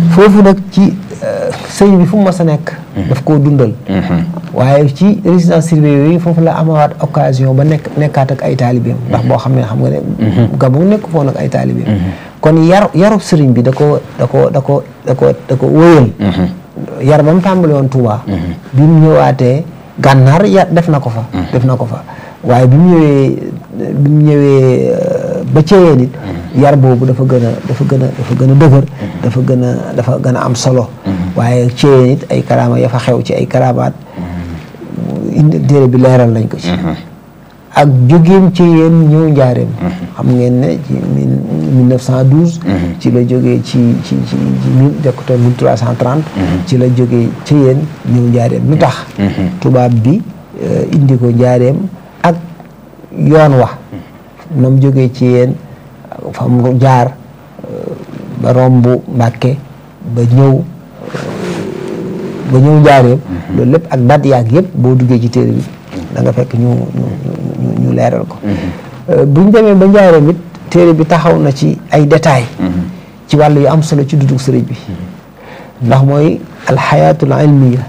foofu nag ci euh, sëñ bi fu mu a nekk daf koo dundal mm-hmm. waaye ci résidence surveillée yooyu foofu la amawaat occasion ba nekk nekkaat ak ay taalibeem ndax boo xam ne xam nga ne mm-hmm. Gabon nekk foon ak ay taalibeem mm-hmm. kon yarub sëriñ bi da ko da da ko da da ko wóyal yar ba mu tàmbali woon Touba bi mu ñëwaatee gànnaar ya def na ko fa def na ko fa waaye bi mu ba ceyeen it yar boobu dafa gën a dafa gën a gën a dëgër dafa gën a dafa gën a am solo waaye ceyeen it ay karaama ya fa xew ci ay karaamaat indi téere bi leeral lañ ko ci ak jógeem ci ñëw njaareem ngeen ne ci la jógee ci ci ci mille dekkutoon mille ci la jógee ci yéen ñëw njaareem lu tax mhm. bi euh, indi ko njaareem ak yoon na mu ci yéen fa mu jaar ba romb Mbàkke ba ñëw ba ñëw njaareem mhm. loolu lépp ak dat yaag yëpp boo duggee ci téere bi mhm. da fekk ñu ñu ñu leeral ko mhm. euh, bu ñu demee ba njaareem it téere bi taxaw na ci ay détails ci wàllu yu am solo ci dudug sëriñ bi ndax mooy alxayaatul ilmiya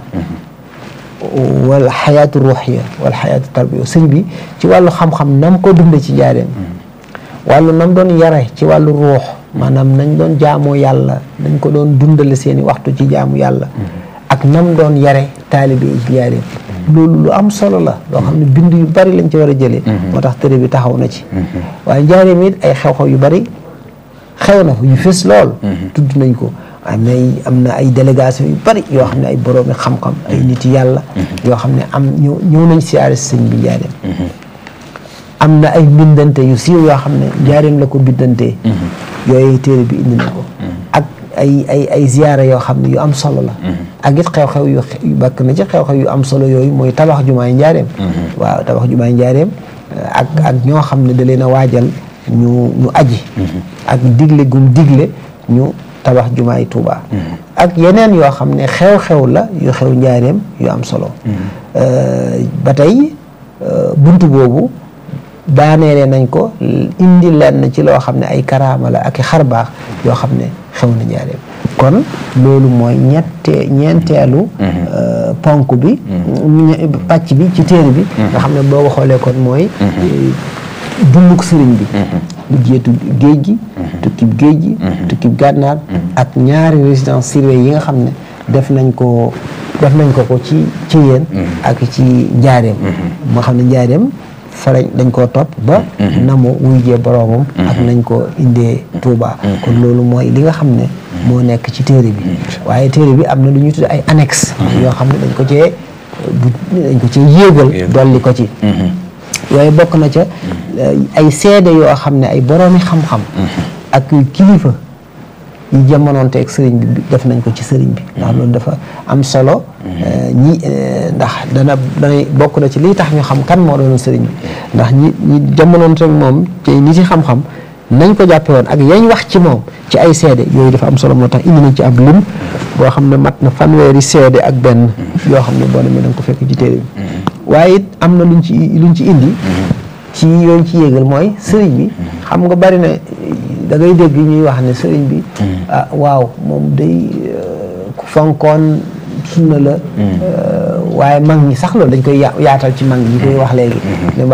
wal xayaatu ruuxiya wal xayaatu tarbiya sëñ bi ci wàllu xam-xam ko dundee ci jaareem wàllu nam doon yare ci wàllu ruux maanaam nañ doon jaamoo yàlla nañ ko doon dundale seeni waxtu ci jaamu yàlla ak nam doon yare taalibe yi ci loolu lu am solo la loo xam ne bind yu bari lañ ci war a jëlee moo tax tërë bi taxaw na ci waaye njaareem it ay xew-xew yu bari xew na yu fës lool tudd nañ ko am nay am na ay délégation yu bari yoo xam ne ay boroomi xam-xam ay mm-hmm. nit yàlla mm-hmm. yoo xam ne am ñu ñëw nañ si sëñ bi njaareem mm-hmm. am na ay mbindante yu siiw yoo xam ne njaareem la ko bindante yooyu téere bi indi na ko ak ay ay ay ziyaara yoo xam ne yu am solo la ak it xew-xew yu na ci xew yu am solo yooyu mooy tabax jumaay njaareem waaw tabax jumaay njaareem ak ak ñoo xam ne da leen a waajal ñu ñu ak digle gum digle ñu tabax jumaay Touba. Mm-hmm. ak yeneen yoo xam ne xew-xew la yu xew njaareem yu am solo. Mm-hmm. Euh, ba tey euh, buntu boobu daaneele nañ ko indi leen lenn ci loo xam ne ay karaama ak i xar yoo xam ne xew na njaareem. kon loolu mooy ñette ñeenteelu. Mm-hmm. Euh, ponk bi. pàcc bi ci téere bi. nga xam ne boo xoolee kon mooy. dunduk sëriñ bi. liggéetu géej gi mhm. tukkib géej gi mhm. tukkib gànnaar mhm. ak ñaari résidence surveillée yi nga xam ne def nañ ko def nañ ko ko ci ci yéen ak ci njaareem moo xam ne njaareem fa dañ koo topp ba na mu wuy ak nañ ko indee Touba kon loolu mooy li nga xam ne moo nekk ci téere bi waaye téere bi am na lu ñuy tudd ay annexe yoo xam ne dañ ko cee dañ dolli ko ci yooyu bokk na ca mm-hmm. ay seede yoo xam ne ay boroomi xam-xam mm-hmm. ak kilifa yi jamonoonte ak sëriñ bi def nañ ko ci sëriñ bi ndax mm-hmm. loolu dafa am solo eh, ñi eh, ndax dana dana bokk na ci liy tax ñu xam kan moo doon bi ndax ñi ñi jamonoonte ak moom te ñi ci xam-xam nañ ko jàppe woon ak yañ wax ci moom ci ay seede yooyu dafa am solo moo tax indi nañ ci am lim boo xam ne mat na fanweeri seede ak benn yoo xam ne boo demee da ko fekk ci téere bi waaye it am na luñ ci luñ ci indi ci yooyu ci yéegal mooy sëriñ bi xam nga bari na da ngay dégg ñuy wax ne sëriñ bi mm. ah, waaw moom day euh, ku fonkoon sunna la mm. euh, waaye mag ñi sax lool dañ koy yaatal ci mag ñi koy wax léegi mm. ne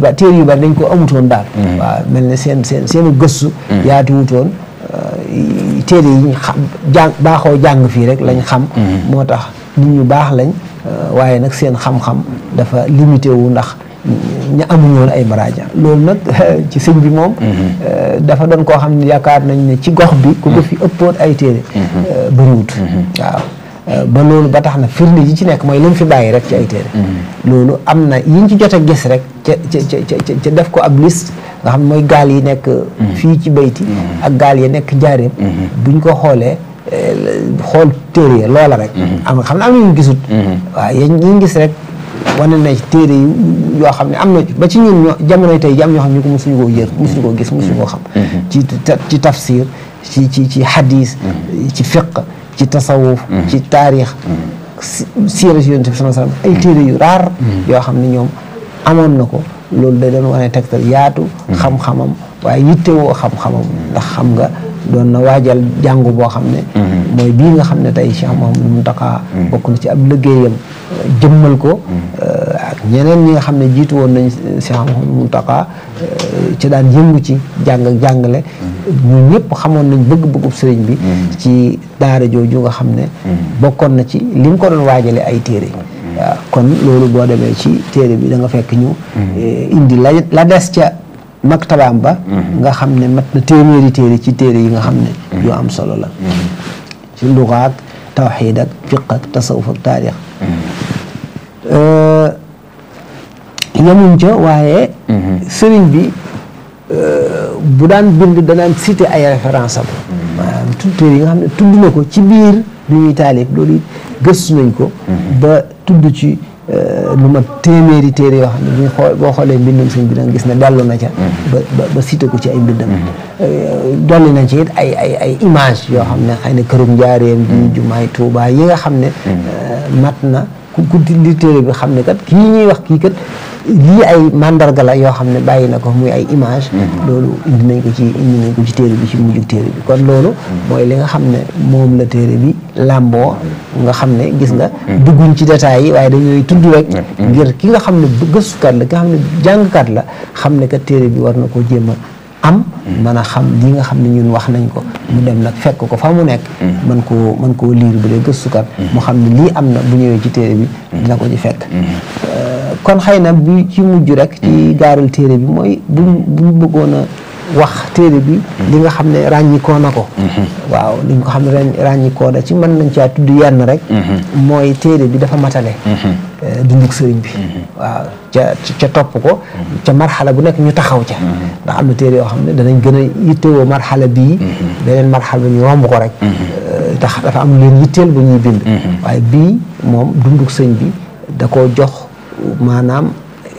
ba téer yu bari dañ ko amutoon daal waaw mel ne seen seen seenu gëstu yaatuwutoon euh, téere yi jàng baaxoo jàng fii rek lañ xam moo tax nit ñu baax lañ waaye nag seen xam-xam dafa limité wu ndax ñu amuñu woon ay maraaja loolu nag ci sëñ bi moom mhm. euh, dafa doon koo xam ne yaakaar nañ ne ci gox bi ku ko mhm. fi ëppoon ay téere mhm. euh, bëriwut waaw euh, ba loolu ba tax na firnde yi ci nekk mooy li fi bàyyi rek ci ay téere loolu am na yiñ ci jot a gis rek ca ca ca ca def ko ab liste nga xam mooy gaal yi nekk fii ci bayti ak gaal yi nekk jaareem buñ ko xoolee xool téere loola rek am xam na am na ñu gisut waaw yéen ñi gis rek wane na téere yi yoo xam ne am na ba ci ñun ñoo jamonoy tey ji am ñoo xam ne ñu ko mosuñu koo yër mosuñu koo gis mosuñu koo xam mm-hmm. ci ci tafsir ci ci ci hadis mm-hmm. ci fiq ci tasawuf mm-hmm. ci taarix siira si yonent bi sallallahu alayhi wasallam ay téere yu raar yoo xam ne ñoom amoon na ko loolu day doon wane tegtal yaatu xam-xamam waaye yittewoo xam-xamam ndax xam nga doon na waajal jàngu boo xam ne mhm. mooy bii nga xam ne tey Cheikh Mouhamadou Mountakha mhm. bokk na ci ab liggéeyam euh, jëmmal ko mhm. euh, ak ñeneen ñi nga xam ne jiitu woon nañ euh, Cheikh Mouhamadou Mountakha ci daan yëngu ci jàng ak jàngale ñun ñëpp xamoon nañ bëgg-bëggub sëriñ bi ci daara jooju nga xam ne bokkoon na ci li ko doon waajale ay téere kon loolu boo demee ci téere bi da nga fekk ñu indi la la des ca maktabaam ba mhm. nga xam ne mat na téeméeri téere ci téere yi nga xam ne mhm. yu am solo la mhm. ci luxa ak tawxiid ak fiq ak euh, ca waaye sëriñ bi euh, bu daan bind danaan cité ay référence am maanaam tudd yi nga xam ko ci biir lu ñuy taalif loolu it ko ba tudd ci Euh, lu mat téeméeri téere yoo xam ne bu ñu boo xoolee mbindum sëñ bi da gis ne dellu na ca. Mm-hmm. ba ba cité ko ci ay mbindam. Mm-hmm. Euh, dolli nañ ci it ay ay ay image yoo xam ne xëy na kërum njaareem. di mm-hmm. jumaay Tuubaa yi nga xam ne. Euh, mat na. ku ku téere bi xam ne kat ki ñuy wax kii kat lii ay mandarga la yoo xam ne bàyyi na ko muy ay image mm-hmm. loolu indi nañ ko ci indi nañ ko ci téere bi ci mujjug téere bi kon loolu mm-hmm. mooy li nga xam ne moom la téere bi làmboo nga xam ne gis nga mm-hmm. dugguñ ci détails yi waaye dañuy tudd rek ngir ki nga xam ne gëstukat la ki nga xam ne jàngkat la xam ne kat téere bi war na koo jéem a am mën a xam li nga xam ne ñun wax nañ ko mu dem nag fekk ko fa mu nekk mm. mën koo mën koo liir bu dee gëstukat mm. mu xam ne lii am na bu ñëwee ci téere bi mm. dina ko ci fekk euh, kon xëy na bi ci mujj rek ci gaarul téere bi mooy bu bu bëggoon a wax téere bi mm-hmm. li nga xam ne ràññikoo na ko mm-hmm. waaw li nga xam ne ràññikoo na ci man nañ caa tudd yenn rek mm-hmm. mooy téere bi dafa matale eh, dunduk sëriñ bi waaw ca topp ko ca marxala bu nekk ñu taxaw ca ndax am na téere yoo xam ne danañ gën a yittewoo marxala bii beneen marxala ba ñu romb ko rek ndax eh, dafa am leen yitteel bu ñuy bind waaye bii moom dunduk sëñ bi da koo jox maanaam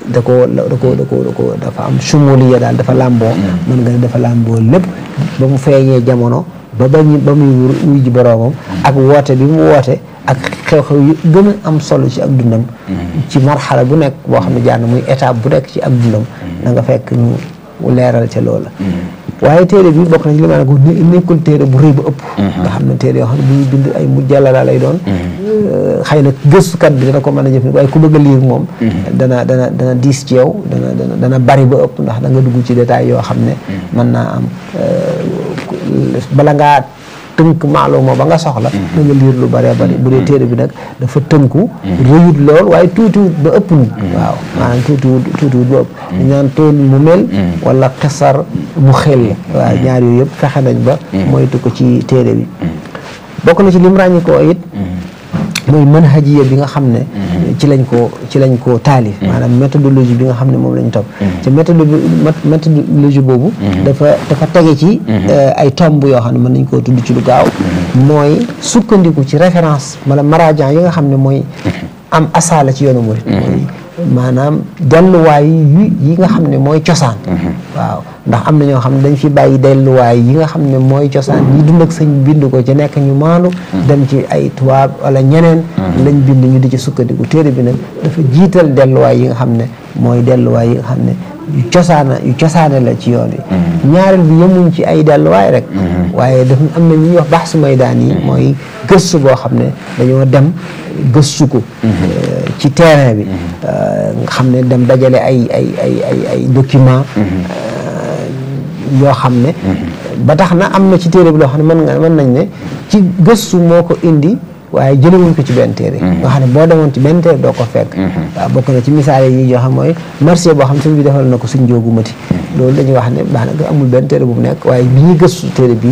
da ko da ko da ko da ko dafa am sumuliya daal dafa làmboo mm. mën nga defa dafa làmboo lépp ba mu feeñee jamono ba bañ ba muy wuy ji boroomam mm. ak woote bi mu woote ak xew-xew gën am solo ci ak dundam mm. ci marxala bu nekk boo xam ne jànn muy étape bu nekk ci ak dundam da nga fekk mu leeral ca loola waaye téere bi bokk na ci li ma ne ko nekkul téere bu rëy bu ëpp mhm. nga xam ne téere yoo xam ne bu ñu bind ay mujjallala lay doon mhm. euh, xëy na gëstukat bi dana ko man a jëfandikoo waaye ku bëgg a liir moom mhm. dana dana dana diis ci yow dana dana bari ba ëpp ndax danga nga dugg ci détail yoo xam ne mën naa am euh, bala tënk maaloo moo ba nga soxla mm-hmm. da nga liir lu bëree bëri bu dee mm-hmm. bi nag dafa tënku mm-hmm. rëyut lool waaye tuuti tuutiwut ba ëpp ñu waaw maanaam ba ñaan toon mu mel wala xesar mu xel waaw ñaar yooyu yëpp fexe nañ ba moytu ko ci téere bi bokk na ci lim ràññi ko it mooy manhajiya bi nga xam ne mm-hmm. ci lañ ko ci lañ koo taalif mm-hmm. maanaam méthodologie bi nga xam ne moom lañ topp mm-hmm. te méthodologie boobu dafa dafa tege ci euh, ay tomb yoo xam ne mën nañ koo tudd ci lu mooy sukkandiku ci référence maanaam maraajan yi nga xam ne mooy am asaala ci yoonu murit maanaam delluwaay yi nga xam ne mooy cosaan mm-hmm. waaw ndax am na ñoo xam ne dañ fi delluwaay yi nga xam ne mooy cosaan ñi dund bind ko ci nekk ñu maandu mm-hmm. dem ci ay tubaab wala ñeneen mm-hmm. lañ bind ñu di ci sukkandiku téere bi nag dafa jiital delluwaay yi nga xam ne mooy delluwaay yi nga xam ne yu cosaana la ci yoon yi ñaareel bi yemuñ ci ay delluwaay rek waaye dafa am na ñuy wax baax su daan yi mooy gëstu goo xam ne dañoo dem gëstu ko eh, ci terrain bi xam ne dem dajale ay ay ay ay ay mhm. euh, xam ne. Mhm. ba tax na am na ci téere bi loo xam ne mën nga nañ ne ci gëstu moo ko indi waaye jëlewuñ ko ci benn téere. Mhm. nga xam ne boo demoon ci benn téere doo ko fekk. waaw bokk na ci misaale yi joxe mooy marché boo xam ne suñ bi defal na ko suñ joogu mati. loolu dañuy wax ne daanaka amul benn téere bu mu nekk waaye bi ñuy gëstu téere bi.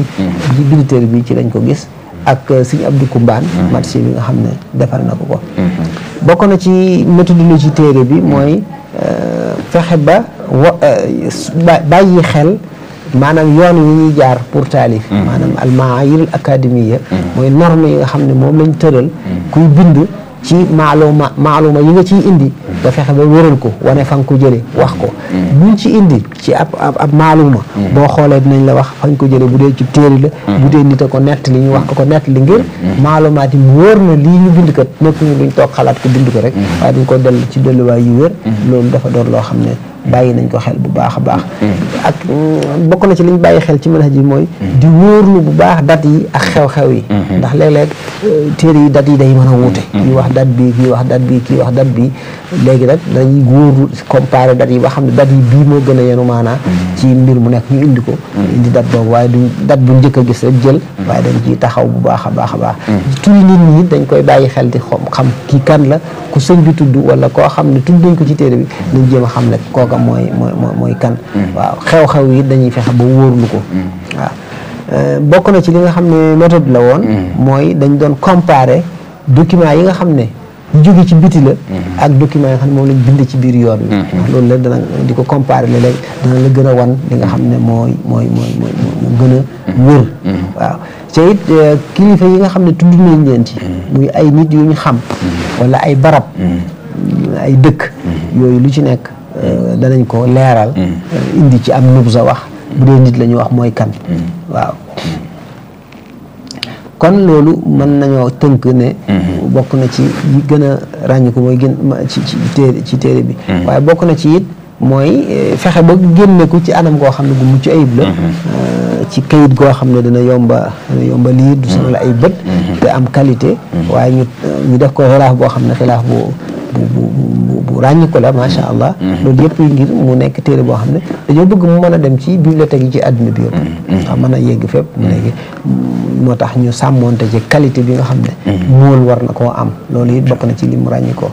bi biir téere bi ci lañ ko gis. ak sëñ Abdou Koumbaan mm-hmm. marché bi nga xam ne defar na ko ko mm-hmm. bokk na ci méthodologie téere bi mm-hmm. mooy euh, fexe ba wa euh, bàyyi xel maanaam yoon wi ñuy jaar pour taalif maanaam almaayir académie ya mooy norme yi nga xam ne moom lañ tëral kuy bind ci maaluma maaluma yi nga ciy indi nga fexe ba wéral ko wane fa nga ko jële wax ko buñ ci indi ci ab ab ab maaluma boo xoolee dinañ la wax fañ ko jële bu dee ci téere la bu dee nit a ko nett li ñu wax ko ko nett li ngir maalumaat yi wóor na lii ñu bind kat nekkuñu luñ toog xalaat ko bind ko rek mm-hmm. waaye dañ ko dellu ci delluwaay yu wér mm-hmm. loolu dafa doon loo xam ne bàyyi nañ ko xel bu baax a baax. Mm. ak mm, bokk na ci li ñu xel ci manhaj ji mooy. Mm. di wóorlu bu baax dat yi ak xew-xew yi. Mm-hmm. ndax léeg-léeg euh, yi dat yi day mën a wuute. Mm-hmm. kii wax dat bi wax dat bi kii wax dat bi léegi nag dañuy wóorlu comparé dat yi ba xam ne dat yi bii moo gën a yenu maanaa. Mm-hmm. ci mbir mu nekk ñu indi ko. indi dat waaye duñ dat bu njëkk a gis rek jël. taxaw bu baax a baax a baax. tur nit ñi dañ koy bàyyi xel di xam kii kan la ku sëñ bi tudd wala koo xam ne tudd nañ ko ci téere bi nañ jéem a xam ne kooku kooka mooy mooy kan. waaw xew-xew yi dañuy fexe ba wóorlu ko. waaw euh, bokk na ci li nga xam ne méthode la woon. mooy dañ doon comparer documents yi nga xam ne. ñu ci biti la. ak document yi nga xam ne moom lañ bind ci biir yoon wi. loolu la dana di ko comparer léeg-léeg dana la gën a wan li nga xam ne mooy mooy mooy mooy mu gën a wër. waaw te it euh, kilifa yi nga xam ne tudd nañ leen ci. muy ay nit yu ñu xam. wala ay barab. ay dëkk. yooyu lu ci nekk. Euh, danañ ko leeral. Mm. indi ci am nub sa wax. Mm. bu dee nit la ñu wax mooy kan. Mm. waaw kon loolu mën nañoo tënk ne. Mm-hmm. bokk na ci yi gën a ràññiku mooy gën ci ci téere ci téere bi. waaye bokk na ci it mooy eh, fexe ba génne ko ci anam goo xam ne gu mucc ayib la. Mm-hmm. Euh, ci kayit goo xam ne dana yomba dana yomba ay bët. Mm-hmm. te am qualité. waaye euh, ñu def ko xilaaf boo xam ne xilaaf bu. bu bu ràññiku la macha allah. Mm-hmm. loolu yëpp ngir mu nekk téere boo xam ne dañoo bëgg mu mën a dem ci bibliothèque yi ci àdduna bi yëpp. man mm-hmm. a yegg fépp. Mm-hmm. moo tax ñu te ci qualité bi nga xam ne. mool war na koo am loolu it bokk na ci lim ràññikoo.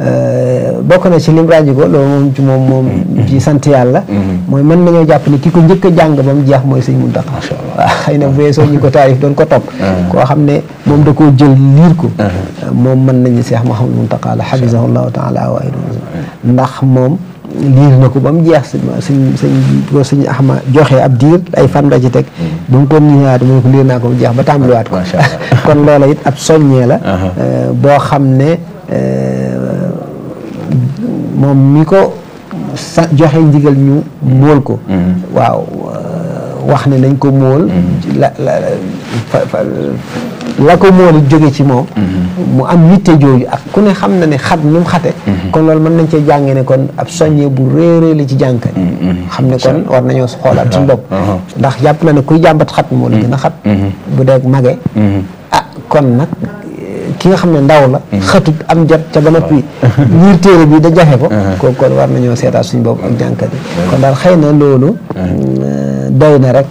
Euh, bokk na ci lim ràññikoo loolu moom ci moom moom. ci sant yàlla. mooy mën nañoo jàpp ni ki ko njëkk jàng ba mu jeex mooy sëñ Muntaxa. waaw xëy na weesoo ñu ko taarif doon ko topp. koo xam ne moom da koo jël liir ko. moom mën nañu Seex Muhammadu Muntaxa la rahimahullahu a wa ndax moom liir na ko ba mu jeex suñ suñ ko suñ axma joxe ab diir ay fan la ci teg mm-hmm. bu mu ko niwaat mu ne ko liir naa ko mu jeex ba tàmbaliwaat ko kon loola it ab soññee la euh, boo xam ne euh, moom mi ko sa joxe ndigal ñu móol ko mm-hmm. euh, wax ne nañ ko móol mm-hmm. la ko mool it jóge ci moom mm-hmm. mu am yitte jooju ak ku ne xam na ne xat ni mu xate mm-hmm. kon loolu mën nañ cee jàngee ne kon ab soññe bu réerée li ci jànkat mm-hmm. xam ne kon war nañoo xoolaat suñu bopp uh-huh. ndax jàpp na ne kuy jàmbat xat moo la gën a xat bu dee mage ah kon eh, ki nga xam ne ndaw la xatut am jot ca ba bi da jafe ko uh-huh. kooku kon war nañoo seetaat suñ bopp ak jànkat yi kon daal xëy na loolu uh-huh. mm, doy na rek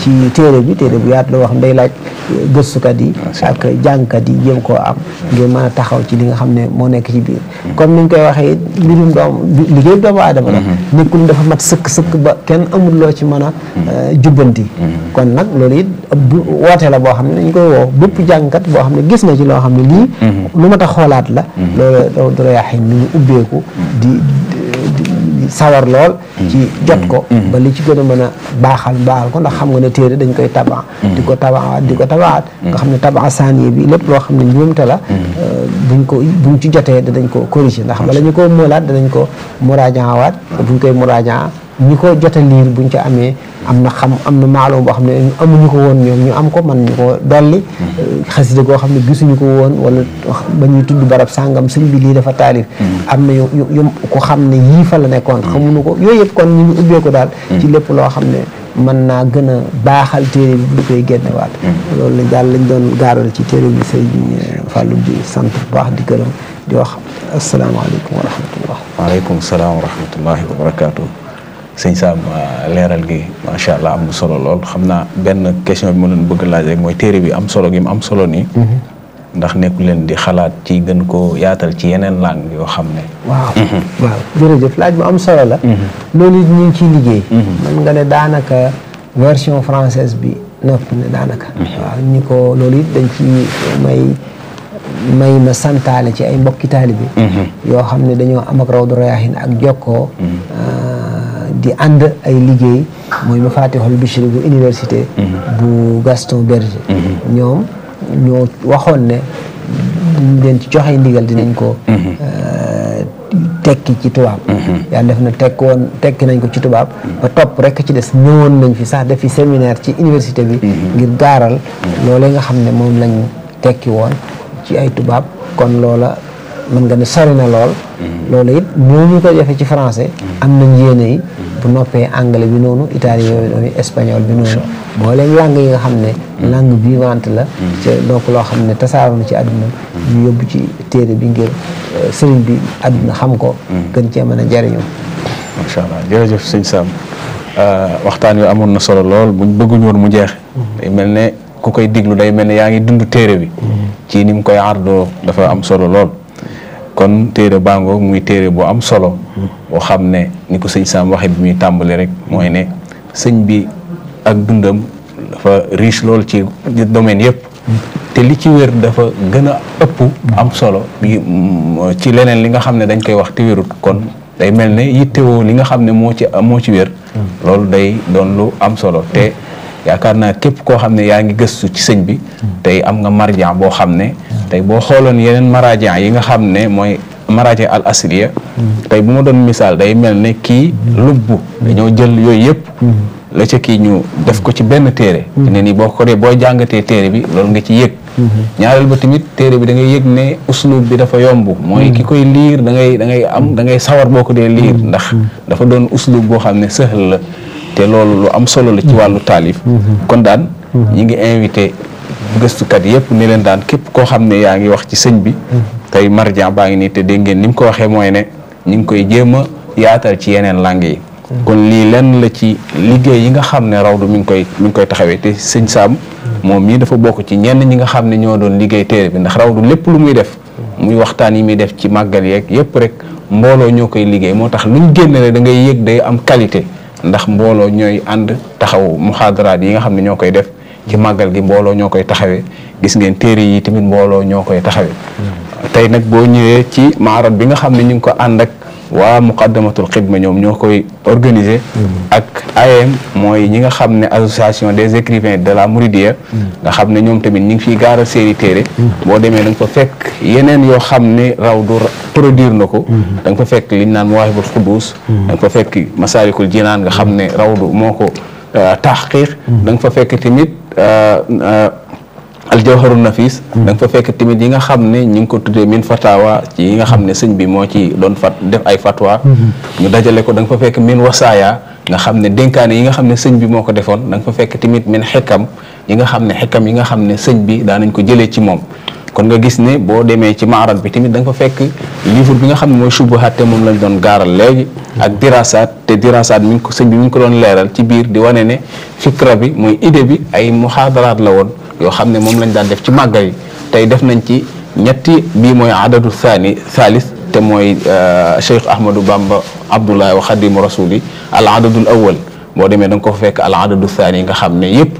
ci téere bi téere bu yaatu la wax day laaj gëstukat yi ak jàngkat yi jéem koo am ngir mën a taxaw ci li nga xam ne moo nekk ci biir mm-hmm. comme ni ñu koy waxee mbirum doom liggéey doomu adama la mm-hmm. nekkul dafa mat sëkk sëkk ba kenn amul loo ci mën a mm-hmm. euh, jubbanti kon nag loolu it bu woote la boo xam ne dañ koy woo bépp jàngkat boo xam ne gis na ci loo xam ne lii lu ma tax xoolaat la loolu doroyaa xen ni ñu ubbeeku di sawar lool mm. ci jot ko mm. Mm. ba li ci gën a mën a baaxal baaxal ko ndax xam nga ne téere dañ koy tabax di ko tabaxaat di ko tabaxaat nga xam ne tabax saaniye bi lépp loo xam ne njuumte la euh, buñ ko buñ ci jotee dañ ko corriger ndax bala ñu ko moolaat danañ ko muraajawaat buñ koy muraajaa ñi ko jot a bu ñu ca amee am na xam am na maaloo boo xam ne amuñu ko woon ñoom ñu am ko man ñu ko dolli mm-hmm. xasida koo xam ne gisuñu ko woon wala ba ñuy tudd barab sàngam sëñ bi lii dafa taalif mm-hmm. am na yu yu ko xam ne yii fa la nekkoon mm-hmm. xamuñu ko yooyu yëpp kon ñu ubbee ko daal ci lépp loo xam ne mën naa gën a baaxal téere bi du koy génnewaat loolu daal lañ doon gaaral ci téere bi sëñ Fallou di sant bu baax di gërëm di wax asalaamaaleykum wa rahmatullah waaleykum salaam wa sëñ Saam leeral gi macha allah am solo lool xam naa benn question bëgg laaj mooy téere bi am solo gi mu am solo nii. Mhm. ndax nekku leen di xalaat ci gën koo yaatal ci yeneen langue yoo xam ne. waaw mhm. waaw jërëjëf laaj bu am solo la. Mhm. loolu it ñu ngi ciy bi nopp ne daanaka. waaw ñu ko loolu it dañ ci may ma santaale ci ay mbokki taalibe. yoo xam ne dañoo am ak Rawdu Rayaahin ak Jokkoo. Ah, di ànd ay liggéey mooy mu Mafatihul Bichri bu université mhm. bu Gaston Berger mhm. ñoom ñoo waxoon ne ñu leen ci joxe ndigal dinañ ko mhm. euh, tekki ci tubaab yàlla def na tekk woon tekki nañ ko ci tubaab ba topp rek ci des ñëwoon nañ fi sax def fi ci université bi ngir gaaral yi nga xam ne moom lañ tekki woon ci ay tubaab kon loola mën nga ne sori na lool loola it ñoo ko jafe ci français am nañ yéene yi bu noppee anglais bi noonu italien bi noonu bi noonu mboolem langue yi nga xam ne bi vivante la mm. ci donc loo xam ne tasaaroo na ci àdduna ñu mm. yóbbu ci téere bi ngir euh, sëriñ bi àdduna xam ko mm. gën cee mën a jariñoo macha allah jërëjëf sëñ Sam euh, waxtaan wi amoon na solo lool buñ bëgguñ woon mu jeex day mel ne ku koy diglu day mel ne yaa ngi dund téere bi ci ni koy ardoo dafa am solo lool kon téere bàngoog muy téere bu am solo boo xam ne ni ko sëñ Sam waxe bi muy tàmbali rek mooy ne sëñ bi ak dundam dafa riche lool ci domaine yëpp te li ci wér dafa gën a ëpp am solo bi mm, ci leneen li nga xam ne dañ koy wax te wérut kon day mel ne yittewoo li nga xam ne moo ci moo ci wér mm. loolu day doon lu am solo te yaakaar naa képp koo xam ne yaa ngi gëstu ci sëñ bi tey am nga marjan boo xam ne tey boo xooloon yeneen marajan yi nga xam ne mooy marajan al asliya tey bu ma doon misaal day mel ne kii lubb dañoo jël yooyu yëpp la ca kii ñu def ko ci benn téere ne nii boo ko dee jàngatee téere bi loolu nga ci yëg ñaareel ba tamit téere bi da ngay yëg ne uslub bi dafa yomb mooy ki koy liir da ngay da ngay am da ngay sawar boo ko dee liir ndax dafa doon uslub boo xam ne sëxal la te loolu lu am solo la ci wàllu taalif kon daan ñi ngi invité gëstukat yëpp ni leen daan képp koo xam ne yaa ngi wax ci sëñ bi tey marjan baa ngi nii te dégg ngeen ni mu ko waxee mooy ne ñu ngi koy jéem a yaatal ci yeneen langue kon lii lenn la ci liggéey yi nga xam ne rawdu mi ngi koy mi ngi koy taxawee te sëñ Saam moom mii dafa bokk ci ñenn ñi nga xam ne ñoo doon liggéey teere bi ndax rawdu lépp lu muy def muy waxtaan yi muy def ci màggal yeeg yëpp rek mbooloo ñoo koy liggéey moo tax luñ génne da ngay yéeg day am qualité ndax mbooloo ñooy ànd taxaw muxaadaraat yi nga xam ne ñoo koy def ci màggal gi mbooloo ñoo koy taxawee gis ngeen téere yi tamit mbooloo ñoo koy taxawee. Hmm. tey nag boo ñëwee ci maarat bi nga xam ne ñu ngi ko ànd waa muqaddamatul xidma ñoom ñoo koy organiser mm-hmm. ak AEM mooy ñi nga xam ne association des écrivains de la Mouridiya mm-hmm. nga xam ne ñoom tamit ñi ngi fiy gaaral seeni téere mm-hmm. boo demee da nga fa fekk yeneen yoo xam ne raw du produire na ko da nga fa fekk liñ naan Mawahibul Xudus da nga fa fekk Masalikul Jinaan nga xam ne raw du moo ko euh, taxqiq da fa fekk tamit euh, euh, aljawharu nafis mm-hmm. da danga fa fekk tamit yi nga xam ne ñu ngi ko tuddee min fatawa yi nga xam ne sëñ bi moo ci doon fat def ay fatwa mm-hmm. ñu dajale ko da nga fa fekk min wasaaya nga xam ne dénkaane yi nga xam ne sëñ bi moo ko defoon da nga fa fekk tamit min xekkam yi nga xam ne xekkam yi nga xam ne sëñ bi daanañ ko jëlee ci moom kon nga gis ne boo demee ci maarad bi tamit da nga fa fekk livre bi nga xam ne mooy subuhaat te moom lañ doon gaaral léegi mm-hmm. ak dirasaat te dirasaat mi ngi ko sëñ bi mi ngi ko doon leeral ci biir di wane ne fikra bi mooy idée bi ay muxaadaraat la woon yoo xam ne moom lañ daan def ci màggal yi tey def nañ ci ñetti bi mooy adadu saani saalis te mooy euh, Cheikh Ahmadou Bamba Abdoulaye wa Xadimu Rasuli al adadul awal boo demee da nga ko fekk al adadu saani yi nga xam ne yëpp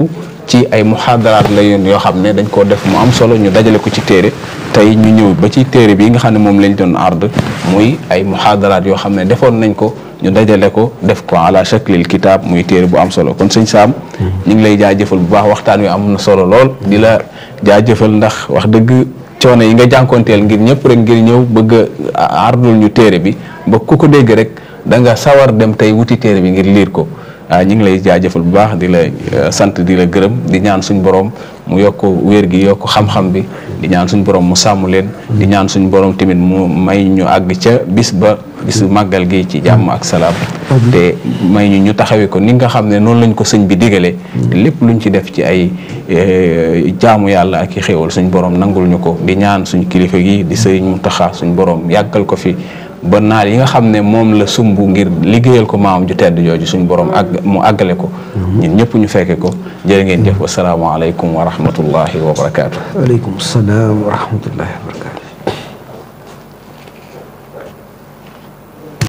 ci ay muhadaraat la yoon yoo xam ne dañ koo def mu am solo ñu dajale ko ci téere tey ñu ñëw ba ci téere bi nga xam ne moom lañ doon ard muy ay muxaadaraat yoo xam ne defoon nañ ko ñu dajale ko def ko ala shaklil kitaab muy téere bu am solo kon sëñ Saam ñu ngi lay jaajëfal bu baax waxtaan wi am na solo lool di la jaajëfal ndax wax dëgg coono yi nga jànkoonteel ngir ñëpp rek ngir ñëw bëgg a ardul ñu téere bi ba ku ko dégg rek da nga sawar dem tey wuti téere bi ngir liir ko ah ñu ngi lay jaajëfal bu baax di la euh, sant di la gërëm di ñaan suñ borom mu yokk wér gi yokk xam-xam bi di ñaan suñu borom mu sàmm leen di ñaan suñu borom tamit mu may ñu àgg ca bis ba bisu màggal gi ci jàmm ak salaam te may ñu ñu taxawee ko ni nga xam ne noonu lañ ko sëñ bi digalee mm. lépp luñ ci def ci ay e, jaamu yàlla ak i xéewal suñu borom nangul ñu ko di ñaan suñ kilifa gi di sëriñ Muntaxa suñu borom yàggal ko fii ba naal yi nga xam ne moom la sumb ngir liggéeyal ko maam ju tedd jooju suñu borom àgg mu àggale ko. ñun ñëpp ñu fekke ko jërë ngeen jëf. wasalaamaaleykum wa rahmatullahi wa barakaatu. waaleykum salaam wa rahmatullahi wa